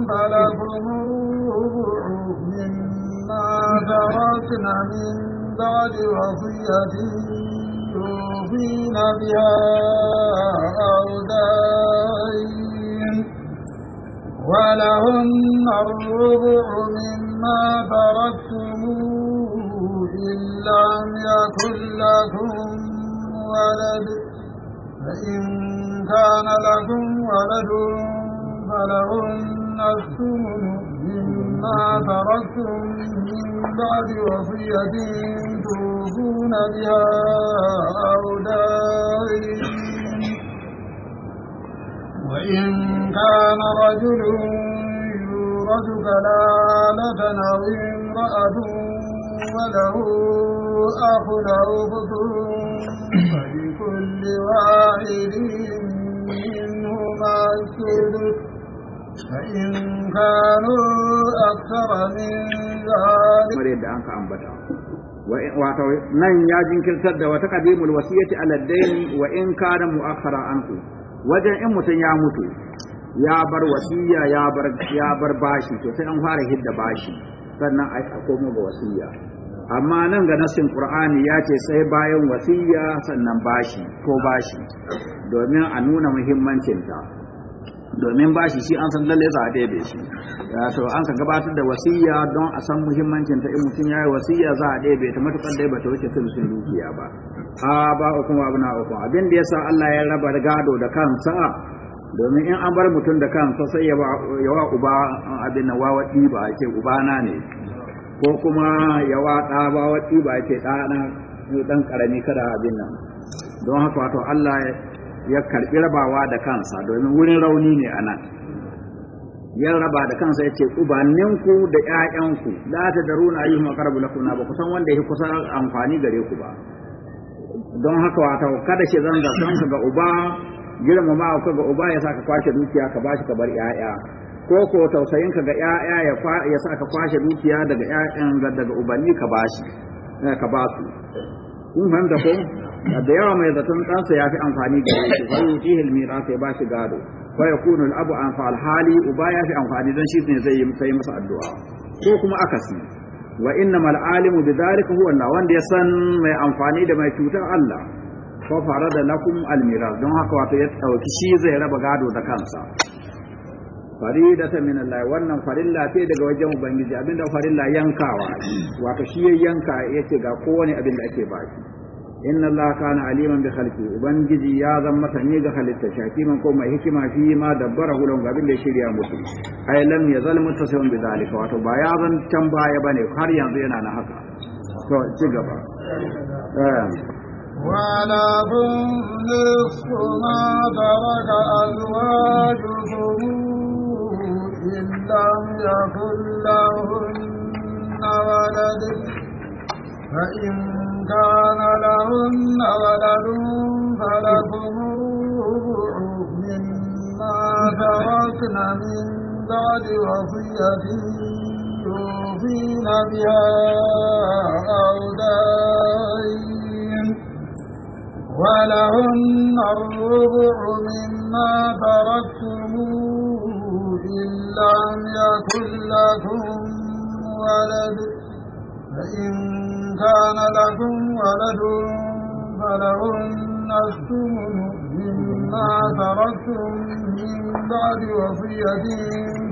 فلكم الربع مما تركن من بعد وصية يوفين بها أو ولهن الربع مما تركتم إن لم يكن لكم ولد فإن كان لكم ولد فلهن الثمن مما تركتم من بعد وصية توصون بها أو وإن كان رجل يورث كلالة أو امرأة وله أخ أو لكل واحد منهما السدس فإن كانوا أكثر من ذلك wato nan ya jinkirtar da wata kadimul wasiyati ala dayn wa in kana mu'akhkhara anhu wajen in mutun ya mutu ya bar wasiya ya bar ya bar bashi to sai an fara hidda bashi sannan a komo ga wasiya amma nan ga nasin qur'ani ya ce sai bayan wasiya sannan bashi ko bashi domin a nuna muhimmancinta domin bashi shi an san lalle za a ɗebe shi to an ka gabatar da wasiya don a san muhimmancinta in mutum ya yi wasiya za a ɗebe ta matuƙar dai ba ta wuce sun dukiya ba a ba uku abu na uku abin da yasa Allah ya raba gado da kansa domin in an bar mutum da kansa sai ya wa uba abin na wawa ɗiba ke ubana ne ko kuma ya waɗa ba wacce ba ce ɗana ɗan ƙarami kada abin nan don haka wato Allah ya karɓi rabawa da kansa domin wurin rauni ne a nan ya raba da kansa ya ce ubanninku da ƴaƴanku la ta daruna ayyuhu maqrabu lakum ba ku san wanda yake kusa amfani gare ku ba don haka wato kada shi zan zaton ga uba ma ka ga uba ya saka kwashe dukiya ka bashi ka bar ƴaƴa ko ko tausayin ka ga ƴaƴa ya fa ya sa ka kwashe dukiya daga ƴaƴan daga ubanni ka bashi eh, ka ba su kun fahimta ko da yawa mai zaton ɗansa ya fi amfani da shi fa yutihi almirasa ya bashi gado fa yakunu al-abu an fa al-hali uba ya fi amfani dan shi ne zai yi sai masa addu'a ko kuma akasi wa innamal alimu bidhalika huwa Allah wanda ya san mai amfani da mai cutar Allah fa farada lakum al don haka wato ya ɗauki shi zai raba gado da kansa faridatan min Allah wannan farilla ce daga wajen ubangiji abinda farilla yankawa wato shi ya yanka yace ga kowane abin da ake ba shi inna Allah kana aliman bi khalqi ubangiji ya zan masa ne ga halitta shakiman ko mai hikima fi ma dabbara hulun ga abin shirya musu ai lam zalmu tasawun bi zalika wato ba ya zan can baya bane har yanzu yana na haka to ci gaba ولهم نصف ما إن لم يكن لهن ولد فإن كان لهن ولد فلكم الربع مما تركن من بعد وصية يوفين بها أو دين ولهن الربع مما تركتموه إن لم يكن لكم ولد فإن كان لكم ولد فلهن الثمن مما تركتم من بعد وصية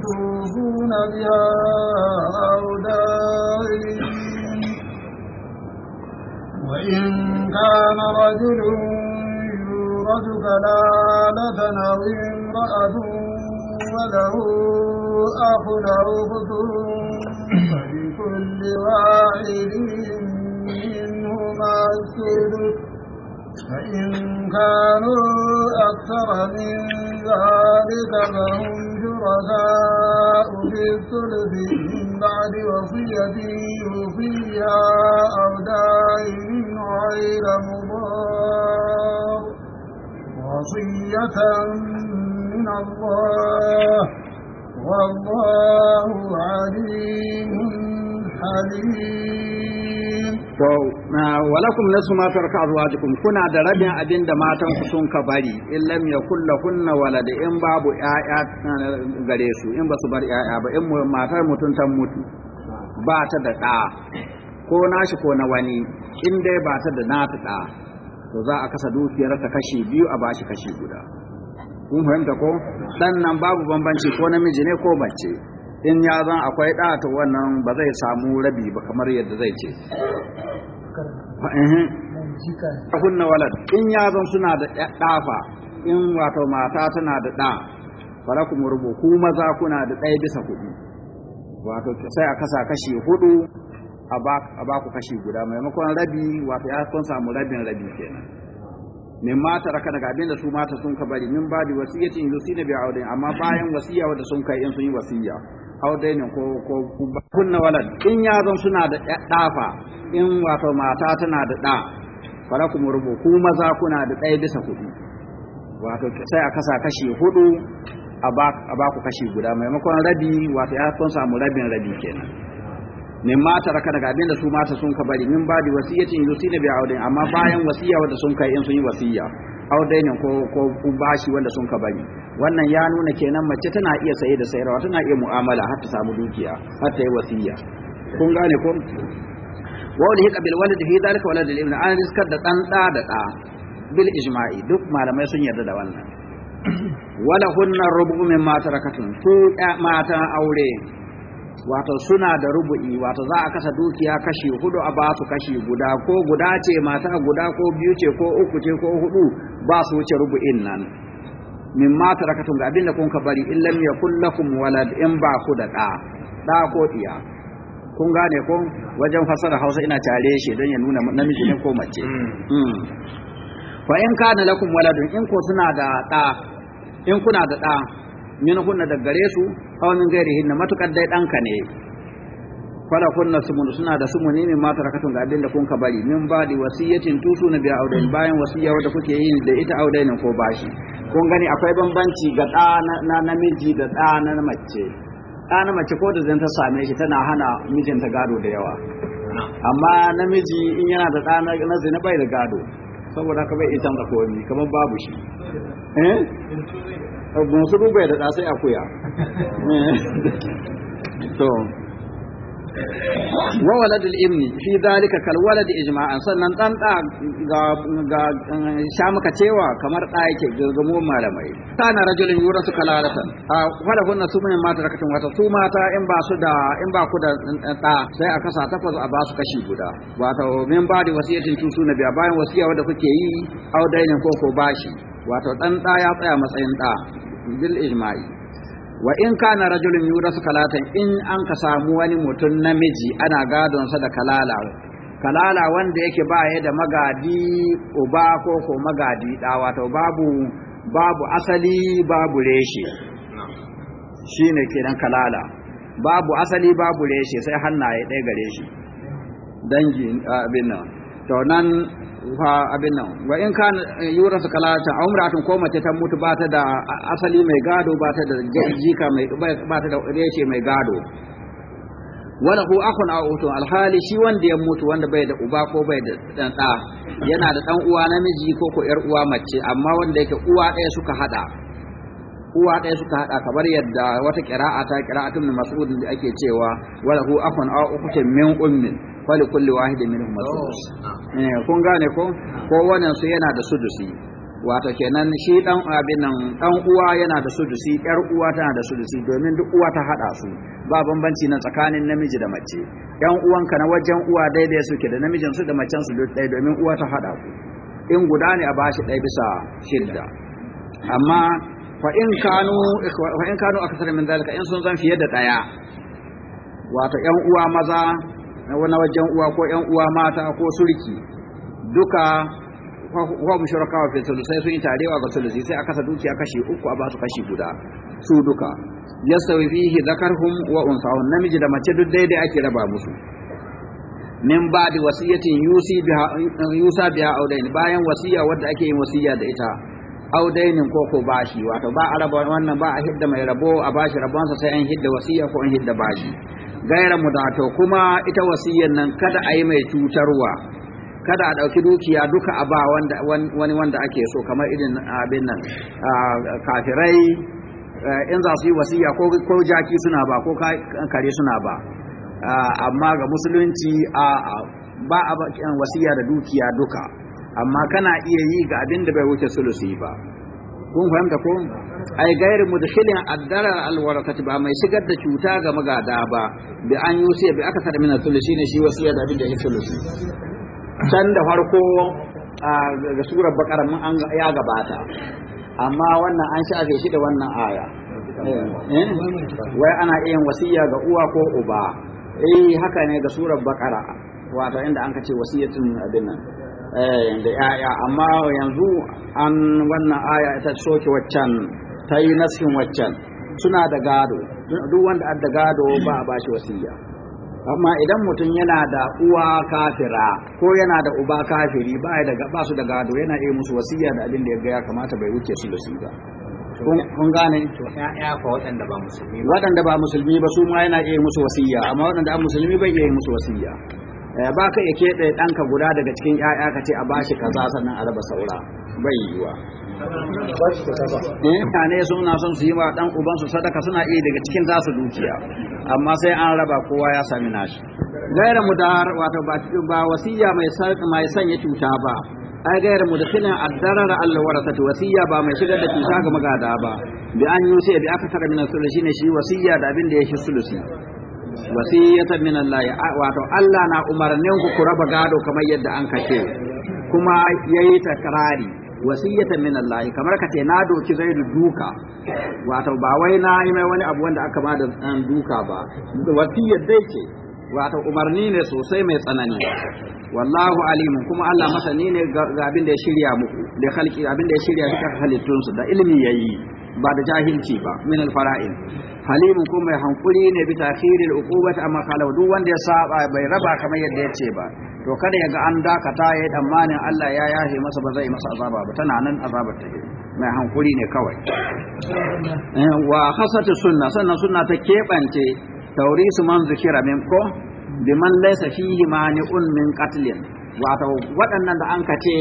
توفون بها أو وإن كان رجل يورث كلالة أو امرأة وله أخ له فلكل واحد منهما السدس فإن كانوا أكثر من ذلك فهم شركاء في الثلث من بعد وصية يوصيها أو دائم غير مضار وصية walakum nasu ma tarka azwajukum kuna da rabin abinda da matan ku sun ka bari in lam yakul lahunna walad in babu yaya eh, gare su in basu bar yaya ba in matar mutun tan mutu ba ta da ɗa ko nashi ko na wani in dai ba ta da nata ɗa to za a kasa dukiyar ta kashi biyu a bashi kashi guda kun fahimta ko dan nan babu bambanci ko namiji ne ko mace in ya zan akwai ɗa ta wannan ba zai samu rabi ba kamar yadda zai ce kunna walad in ya zan suna da ɗafa in wato mata tana da ɗa falakum rubu ku maza kuna da ɗaya bisa kuɗi wato sai a kasa kashi hudu a baku kashi guda maimakon rabi wato ya kun samu rabin rabi kenan min mata raka daga abin da su mata sun ka bari min badi wasiyatin na bi audin amma bayan wasiya wanda sun kai in sun yi wasiya audainin ko ko kunna walad in ya zan suna da dafa in wato mata tana da da fara kuma rubu ku maza kuna da ɗaya bisa kuɗi wato sai a kasa kashi hudu a ba ku kashi guda maimakon rabi wato ya kun samu rabin rabi kenan min mata raka daga abin da su mata sun ka bari min ba da wasiyyatin yusina bi audin amma bayan wasiya wanda sun kai in sun yi wasiya audainin ko ko bashi wanda sun ka bari wannan ya nuna kenan mace tana iya saye da sayarwa tana iya mu'amala har ta samu dukiya har ta yi wasiya kun gane ko wa wal hiqa bil walad fi zalika walad al ibn an riskar da dan da da da bil ijma'i duk malamai sun yarda da wannan wala hunna rubu mimma tarakatun su mata aure wato suna da rubu'i wato za a kasa dukiya kashi hudu a ba su kashi guda ko guda ce mata guda ko biyu ce ko uku ce ko hudu ba su wuce rubu'in nan min ma tarakatun ga abinda kun ka bari in lam yakul lakum walad in ba ku da da da ko iya kun gane ko wajen fasara Hausa ina tare shi don ya nuna namiji ne ko mace mm. Mm. fa in kana lakum waladun in ko suna da da in kuna da da min hunna da gare su aw min gairihin na matukar dai danka ne hunna kunna mun suna da sumuni ne mata rakatun ga abin da kun ka bari min ba da wasiyatin tusu na biya audain bayan wasiya wadda kuke yi da ita ne ko bashi kun gani akwai bambanci ga ɗa na namiji da ɗa na mace ɗa na mace ko da zan ta same shi tana hana mijinta gado da yawa amma namiji in yana da ɗa na zina bai da gado saboda haka bai isan da komi kamar babu shi eh bunsuru bai da sai akuya to wa walad al-ibni fi dalika kal walad ijma'an sannan dan da ga ga eh, sha muka cewa kamar da yake gurgumo malamai kana rajulun yurasu kalalata wala hunna su mun mata rakatun wata su mata in ba su da in ba ku da da eh, sai aka sa takwas a ba su kashi guda wato min ba da wasiyatin tusu na biya bayan wasiya wanda kuke yi audainin ko ko bashi wato dan da ya tsaya matsayin da bil ijma'i wa in kana rajulun yurasu kalatan in an ka samu wani mutum namiji ana gadon sa da kalala kalala wanda yake ba ya da magadi uba ko ko magadi da wato babu babu asali babu reshe shine kenan kalala babu asali babu reshe sai hannaye ɗaya gare shi dangi abin nan to nan fa abin nan wa in kana eh, yura su kalata a umratun ko mace ta mutu ba ta da asali mai gado ba ta da jika mai ba ta da rece mai gado wala hu akhun aw utun alhali shi wanda ya mutu wanda bai da uba ko bai da dan da yana da dan uwa namiji ko ko yar uwa mace amma wanda yake uwa ɗaya suka hada uwa ɗaya suka hada kamar yadda wata qira'a ta qira'atun mas'ud da ake cewa wala hu akhun aw ukhtun min ummin fali kulli wahidin minhum masudus oh, eh kun gane ko ko wannan su yana da sudusi wato kenan shi dan abin nan dan uwa yana da sudusi yar uwa tana da sudusi domin duk uwa ta hada su ba bambanci na tsakanin namiji da mace yan uwanka na wajen uwa daidai suke da namijin su da macen su duk ɗaya domin uwa ta hada ku in guda ne a bashi ɗaya bisa shidda amma fa in kanu fa in kanu akasar min zalika in sun zan fiye da ɗaya wato yan uwa maza na wajen uwa ko ƴan uwa mata ko surki duka wa mushraka wa fitul sai sun yi tarewa ga sulusi sai aka sa dukiya kashi uku a ba su kashi guda su duka yasawi fihi zakarhum wa unsahum namiji da mace duk daidai ake raba musu min ba'di wasiyatin yusi biha yusa biha audain bayan wasiya wadda ake yin wasiya da ita audainin ko ko bashi wato ba a raba wannan ba a hidda mai rabo a bashi rabonsa sai an hidda wasiya ko an hidda bashi gaira mudato kuma ita wasiyyar nan kada a yi mai cutarwa kada a ɗauki dukiya duka a ba wani wanda ake so kamar irin abin nan kafirai eh, in za su yi wasiya ko jaki suna ba ko kare suna ba amma ga musulunci ba a wasiya da dukiya duka amma kana iya yi ga abin da bai wuce sulusi ba kun fahimta ko ai da shirin addara alwarakati ba mai shigar da cuta ga magada ba bi an yusiya bi aka sada mina thuluthi ne shi wasiya da abin da ya thuluthi can da farko ga surar bakara mun an ya gabata amma wannan an shafe shi da wannan aya eh, eh? wai ana iya wasiya ga uwa ko uba eh haka ne ga surar bakara wato inda an ka ce wasiyatun abin nan Eh, da ‘ya'ya amma yanzu an wannan aya ta soke waccan ta yi nasin waccan suna da gado duk wanda da gado ba a bashi wasiya amma idan mutum yana da uwa kafira ko yana da uba kafiri ba su da gado yana iya musu wasiya da abin da ya ga ya kamata bai wuce su da su ba kun gane Ya fa waɗanda ba musulmi ba waɗanda ba musulmi ba su ma yana iya musu wasiya amma waɗanda an musulmi bai iya musu wasiya Eh, ba ka iya keɓe ɗanka guda daga cikin ‘ya'ya ka ce a ba shi kaza sannan a raba saura bai yiwa eh, mutane suna son su yi wa ɗan ubansu sadaka suna iya daga cikin zasu dukiya amma sai an raba kowa ya sami nashi gaira mudar wato ba wasiya mai sanya cuta ba ai gaira da ad-darar al-warasati wasiya ba mai shigar da cuta ga magada ba bi an sai bi aka tara min sulusi ne shi wasiya da abin da ya yake sulusi wasiyyatan min Allah wato Allah na umarnin ku ku raba gado kamar yadda an kace kuma yayi takrari wasiyyatan min Allah kamar kace na doki zaidu duka wato ba wai na yi mai wani abu wanda aka ba da duka ba wasiyyar dai ce wato umarni ne sosai mai tsanani wallahu alimun kuma Allah masani ne ga abin da ya shirya muku da abin da ya shirya duka halittun su da ilimi yayi ba da jahilci ba min alfara'il halimu ko mai hankuri ne bi takhiril uqubati amma kalau duk wanda ya saba bai raba kamar yadda ya ce ba to kada ya ga an dakata yayi tsammanin Allah ya yahe masa ba zai masa azaba ba tana nan azabar ta mai hankuri ne kawai eh, wa hasatu sunna sannan sunna ta kebance taurisu man zikira min ko biman laysa fihi mani'un min qatlin wato waɗannan da an kace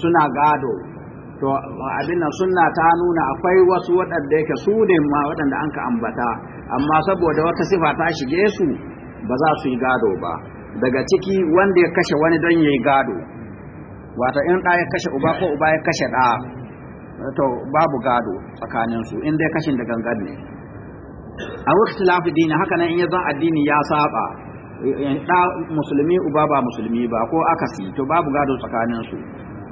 suna gado to abin nan sunna ta nuna akwai wasu waɗanda yake su ne ma waɗanda an ka ambata amma saboda wata sifa ta shige su ba za su yi gado ba daga ciki wanda ya kashe wani don ya yi gado wata in ɗa ya kashe uba ko uba ya kashe ɗa to babu gado tsakaninsu in dai kashin da gangan ne a ikhtilafi dini haka nan in ya zan addini ya saba ɗa musulmi uba ba musulmi ba ko akasi to babu gado tsakaninsu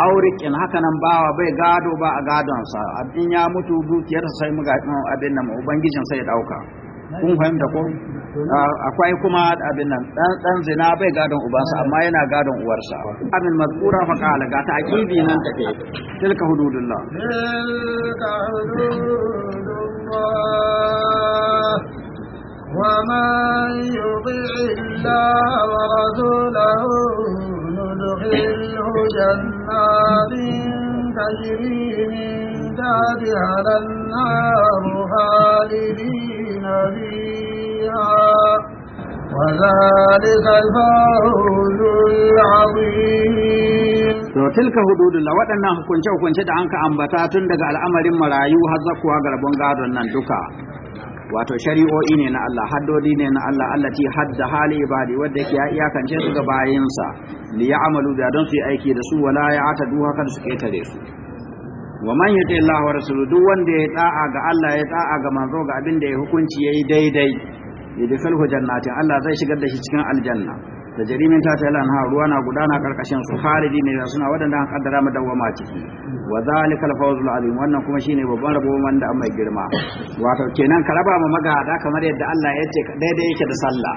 aurikin haka nan bawa bai gado ba a gadonsa abin ya mutu dukiyar sai mu abin nan ubangijin sai ya dauka kun fahimta ko akwai kuma abin nan dan dan zina bai gadon ubansa amma yana gadon uwarsa amin mazkura fa qala ga ta akibi nan take tilka hududullah tilka hududullah man يطع الله ورسوله وندخله جنات تجري من تحتها الأنهار خالدين فيها وذلك الفوز العظيم to tilka hududullah waɗannan hukunce-hukunce da an ka ambata tun daga al'amarin marayu har zakuwa garbon gadon nan duka wato shari'o'i ne na Allah haddodi ne na Allah allati hadda hali ibadi wanda yake ya iyakance su ga bayinsa li ya'malu da don su yi aiki da su wala du haka su ketare su wa man yati Allah wa rasulu duk wanda ya da'a ga Allah ya da'a ga manzo ga abin da ya hukunci yayi daidai yadkhulhu jannatin Allah zai shigar da shi cikin aljanna da jarimin ta tayar lanha ruwa na gudana karkashin su khalidi ne da suna wadanda an kaddara madawama ciki wa zalikal fawzul azim wannan kuma shine babban rabo wanda an mai girma wato kenan ka raba ma magada kamar yadda Allah ya ce daidai yake da sallah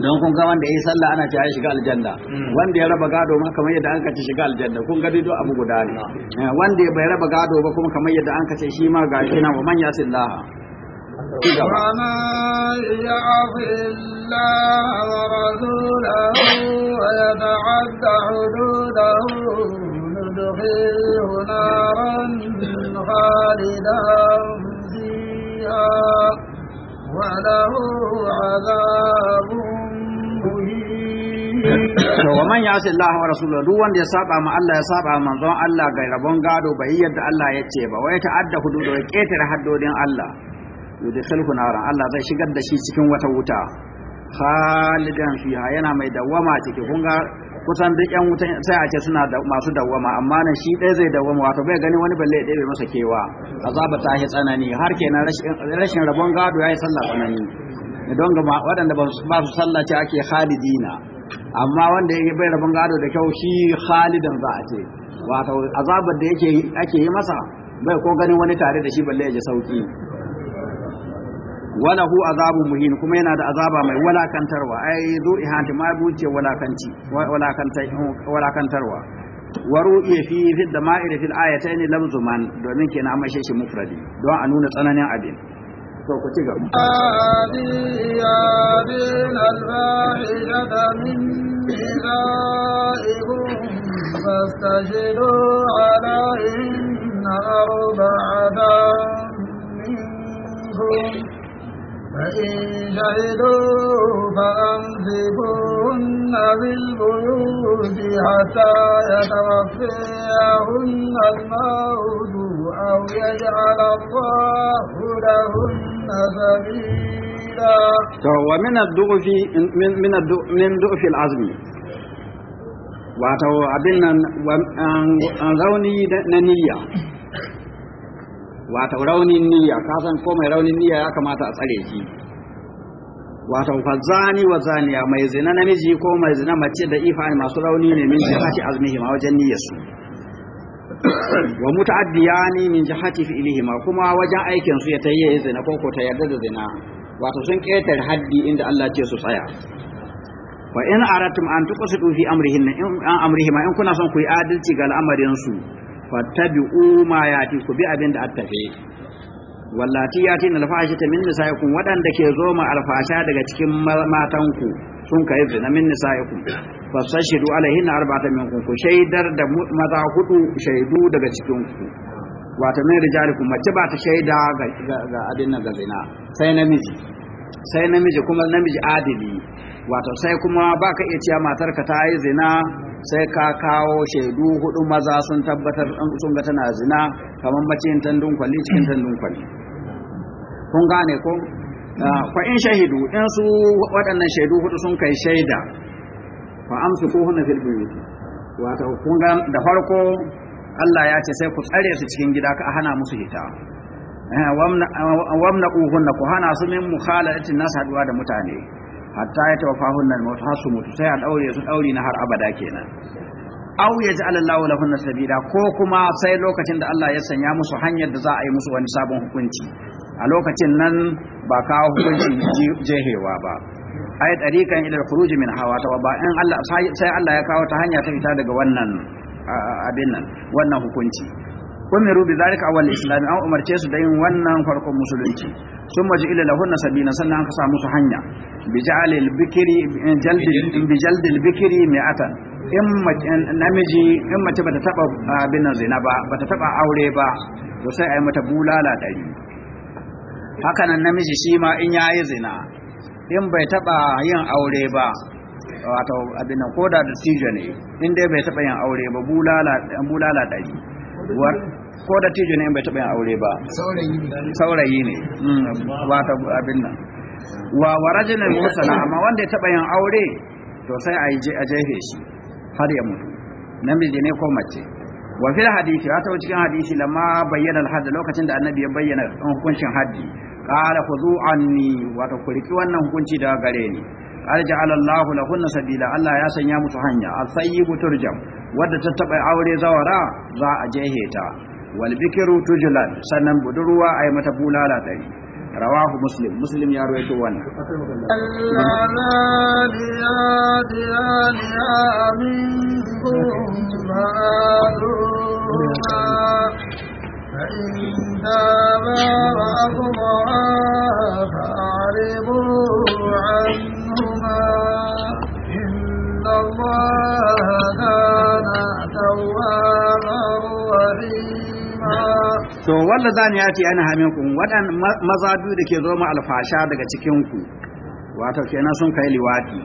don kun ga wanda yayi sallah ana cewa ya shiga aljanna wanda ya raba gado ma kamar yadda an kace shiga aljanna kun ga dai abu guda ne eh, wanda bai raba gado ba kuma kamar yadda an kace shi ma ga shi nan wa man yasillaha ومن يعف الله ورسوله ويتعدى حدوده ندخله نارا خالدا فيها وله عذاب wa man ya sai Allah wa rasuluhu duk wanda ya saba ma Allah ya saba manzon Allah ga rabon gado bai yadda Allah ya ce ba wai ta'adda hududu ya ketare haddodin Allah yudkhilhu naran Allah zai shigar da shi cikin wata wuta khalidan fiha yana mai dawama ciki kun ga kusan duk yan wutan sai a ce suna da masu dawama amma nan shi ɗaya zai dawama wato bai gani wani balle ɗaya bai masa kewa azaba ta yi tsanani har kenan rashin rabon gado yayi sallah tsanani don ga waɗanda ba su sallah ce ake khalidina amma wanda yake bai rabon gado da kyau shi khalidan za a ce wato azabar da yake ake yi masa bai ko ganin wani tare da shi balle ya ji sauki wala hu azabun muhin kuma yana da azaba mai walakantarwa ai zo ihanti ma buce walakanci walakantarwa wa ru'i fi fi dama'ir fil ayatayn lamzuman domin kenan amma shi mufradi don a nuna tsananin abin to ku ci gaba adin al-fahijata min فإن جهدوا فأمسكوهن بالبيوت حتى يتوفيهن الموت أو يجعل الله لهن سبيلا. ومن الدؤف من من من ضعف العزم wato abin nan rauni na niyya wato raunin niyya ka san ko mai raunin niyya ya kamata a tsare shi wato zani wa zaniya mai zina namiji ko mai zina mace da ifa ne masu rauni ne min jihati azmihi ma wajen niyyarsu wa muta'addiyani min jihati fi'lihi ma kuma wajen aikin su ya tayyaye zina ko ko ta yarda da zina wato sun ketare haddi inda Allah ce su tsaya wa in aratum an tuqsidu fi amrihin in ma in kuna son ku yi adalci ga al'amarin su fattabi'u ma yati ku bi abin da aka tafe wallati yati na ta min nisaikum wadanda ke zo ma alfasha daga cikin matanku sun kai zina min nisaikum fasashidu alaihin arba'ata minkum ku shaidar da maza hudu shaidu daga cikin ku wato min rijalikum mace ba ta shaida ga abin nan ga zina sai namiji sai namiji kuma namiji adili wato sai kuma baka iya cewa matarka ta yi zina sai ka kawo shaidu hudu maza sun tabbatar sun ga tana zina kamar mace tandun kwalli cikin tandun kwalli kun gane ko ah, fa in shahidu in su waɗannan shaidu hudu sun kai shaida fa amsu ko hunna fil buyut wato kun ga da farko Allah ya ce sai ku tsare su cikin gida ka hana musu hita eh, wamna ku uhunna ku hana su min mukhalatin nas haduwa da mutane hatta ya fahun nan mawt hasu mutu sai a daure su daure na har abada kenan aw yaj'al Allahu lahunna sabila ko kuma sai lokacin da Allah ya sanya musu hanyar da za a yi musu wani sabon hukunci a lokacin nan ba kawo hukunci jehewa ba ai tariqan ila al-khuruj min hawa ta ba in Allah sai Allah ya kawo ta hanya ta fita daga wannan abin nan wannan hukunci umiru bi zalika awal islam an umarce su da yin wannan farkon musulunci sun maji ila lahunna sabina sannan an sa musu hanya bi ja'alil bikri bi jaldil bikri mi'ata in namiji in mace bata taba bin nan zina ba bata taba aure ba to sai ayi mata bulala dari haka nan namiji shi ma in yayi zina in bai taba yin aure ba wato abin nan koda da tijo ne in dai bai taba yin aure ba bulala bulala dari ko da tijo ne bai taɓa yin aure ba saurayi ne hmm. ta abin nan wa rajin musana amma wanda ya taɓa yin aure to sai a jefe shi har ya mutu namiji ne ko mace wa fil hadisi ya tawo cikin hadisi lamma bayyana al lokacin da annabi ya bayyana um, hukuncin haddi qala khudu anni wa ta kuriki wannan hukunci daga gare ni qad alallahu la sabila Allah ya sanya musu hanya al tayyibu turjam wadda ta taba aure zawara za a jehe ta wal bikru tujlan sanan budurwa ay mata bulala dai rawahu muslim muslim ya rawaito wannan Allah فإن تابا وأقضى فأعرضوا الله كان توابا رحيما to wanda zan ya ce ana ku, wadan maza biyu da ke zo ma alfasha daga cikinku wato kenan sun kai liwati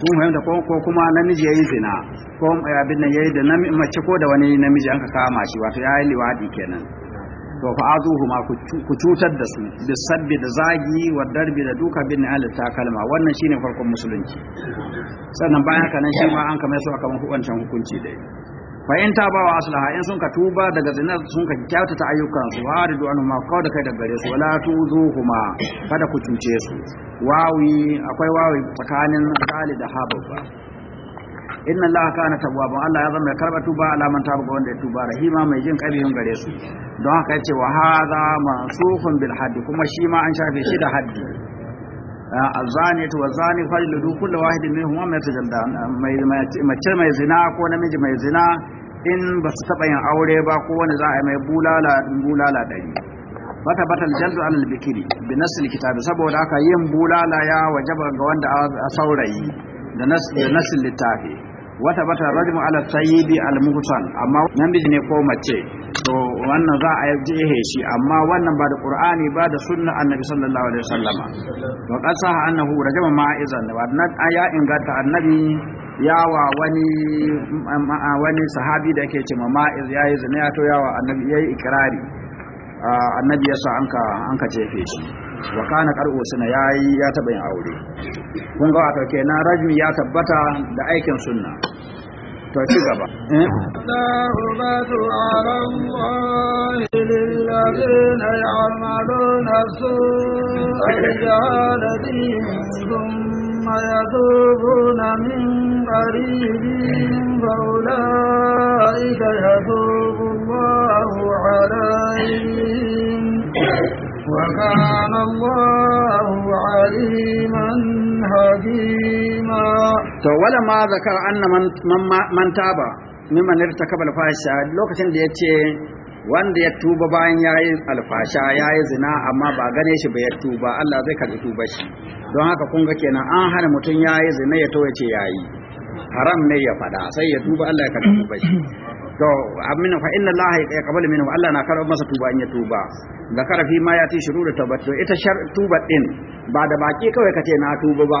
sun fahimta ko kuma namiji ya yi zina ko eh, abin nan ya yi da mace ko da wani namiji an ka kama shi wato ya yi liwati kenan to fa azuhu ma ku cutar da su bi sabbi da zagi wa darbi da duka bin ali ta kalma wannan shine farkon musulunci sannan bayan haka nan shi ma an kamar su aka mun hukunci dai fa in ta bawa aslaha in sun ka tuba daga zinar sun ka ta ayyukan su wa ridu ma da kai daga gare su wala ma kada ku cuce su wawi akwai wawi tsakanin dalil da hababba inna allaha kana tawwaban Allah ya zama karba tuba alaman man ga wanda ya tuba rahima mai jin kabihun gare su don haka yace wa hadha mansukhun bil haddi kuma shi ma an shafe shi da haddi to wa zani fajlidu kullu wahidin minhum ma yatajalda mace mai zina ko namiji mai zina in ba su taba yin aure ba ko wani za a yi mai bulala bulala dari wata batal jaldu alal bikiri bi nasil kitabi saboda haka yin bulala ya wajaba ga wanda a saurayi da nasil littafi wata bata rajmu ala sayyidi al muhsan amma namiji ne ko mace to wannan za a jehe shi amma wannan ba da qur'ani ba da sunna annabi sallallahu alaihi wasallam wa qad saha annahu rajama ma'izan wa annad aya inganta annabi yawa wani wani sahabi da yake ce ma'iz yayi zina ya to yawa annabi yayi ikrari annabi yasa anka anka jefe shi wa kana qar'u sunna yayi ya taba yin aure kun ga ke kenan rajmi ya tabbata da aikin sunna to ci gaba eh? Allahu ala من قريب فأولئك الله عليهم وكان الله عليما حكيما to wala ma zakar anna man taba mimman irtakaba alfasha lokacin da yace wanda ya tuba bayan yi alfasha yayi zina amma ba gane shi ba ya tuba Allah zai karbi tuba shi don haka kun ga kenan an hana ya yayi zina ya to ya yayi haram ne ya faɗa, sai ya tuba Allah ya karbi tuba shi to amina fa inna allaha qabala minhu allah na karɓar masa tuba in ya tuba da karafi ma ya ti shuru da to ita shar tuba din ba da baki kawai ce na tuba ba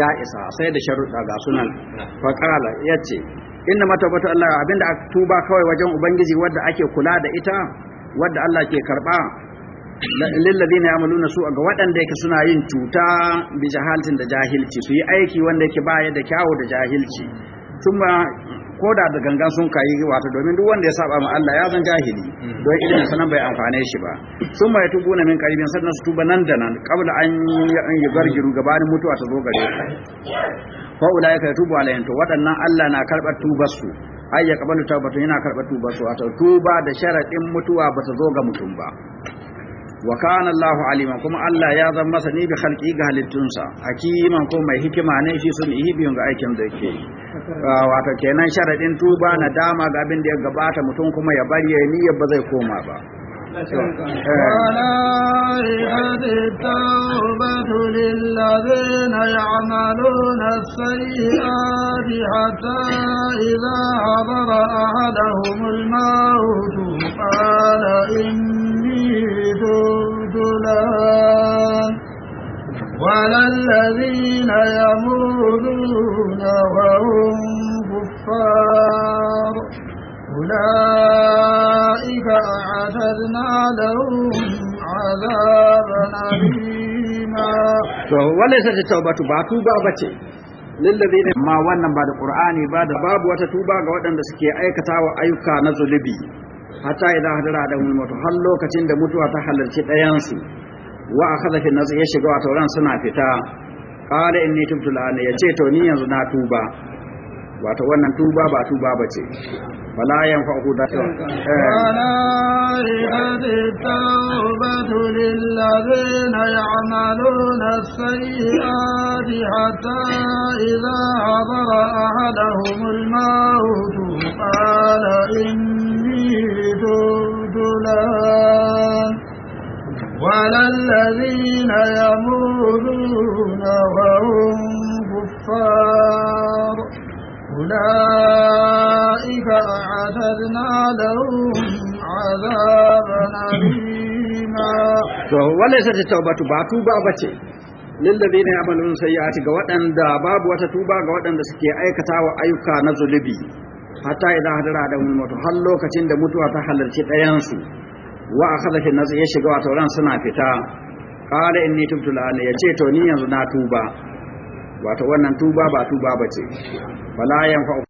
ya isa sai da sharuɗa ga sunan fa qala yace inna matawbatu allah abinda aka tuba kawai wajen ubangiji wanda ake kula da ita wanda allah ke karba ladina yamaluna su ga waɗanda yake suna yin cuta bi jahaltin da jahilci su yi aiki wanda yake baya da kyawu da jahilci kuma ko da da gangan sun kayi wato domin duk wanda ya saba ma Allah ya zan jahili mm. don idan sanan bai amfane shi ba sun mai tubu na min karibin sannan su tuba nan da nan kabla an yi gargiru gabanin mutuwa ta zo gare ka fa ulai ka tubu alayhim to waɗannan Allah na karɓar tubar su ayya kabalu tawbatu yana karɓar tubar su wato tuba da sharadin mutuwa ba ta zo ga mutum ba wa kana Allahu kuma Allah ya zama masani bi khalqi ga halittunsa hakiman ko mai hikima ne shi sun yi biyun ga aikin da yake ah, wato kenan sharadin tuba na dama ga abin da ya gabata mutum kuma ya bari ya niyya ba zai koma ba ولائحة na للذين يعملون السيئات حتى إذا حضر أحدهم الموت سبلان وعلى الذين يمودون وهم كفار أولئك أعتدنا لهم عذابا أليما وليس التوبة بعتوبة بتي lillazina ma wannan ba da qur'ani ba da babu wata tuba ga waɗanda suke aikatawa ayyuka na zulubi hatta idan hadara da mutu har lokacin da mutuwa ta halarci ɗayansu wa a fi nas ya shiga wa tauran suna fita qala inni tubtu al ya ce to ni yanzu na tuba wato wannan tuba ba tuba ba ce wala yan fa'u da ta wala ihadi tawbatu lil ladina ya'maluna sayyiati hatta idha hadara ahaduhum al-maut qala inni tudlan وعلى الذين يموتون وهم كفار أولئك أعتدنا لهم عذابا أليما وليست التوبة باتوبة بتي lillazina ya'malun sayyi'ati ga waɗanda babu wata tuba ga waɗanda suke aikata wa ayyuka na zulubi hatta idan hadara da mutu har lokacin da mutuwa ta halarci ɗayan su wa akhadha fi nas ya shiga wato ran suna fita qala inni tubtu al ya ce to ni yanzu na tuba wato wannan tuba ba tuba bace فلا ينفع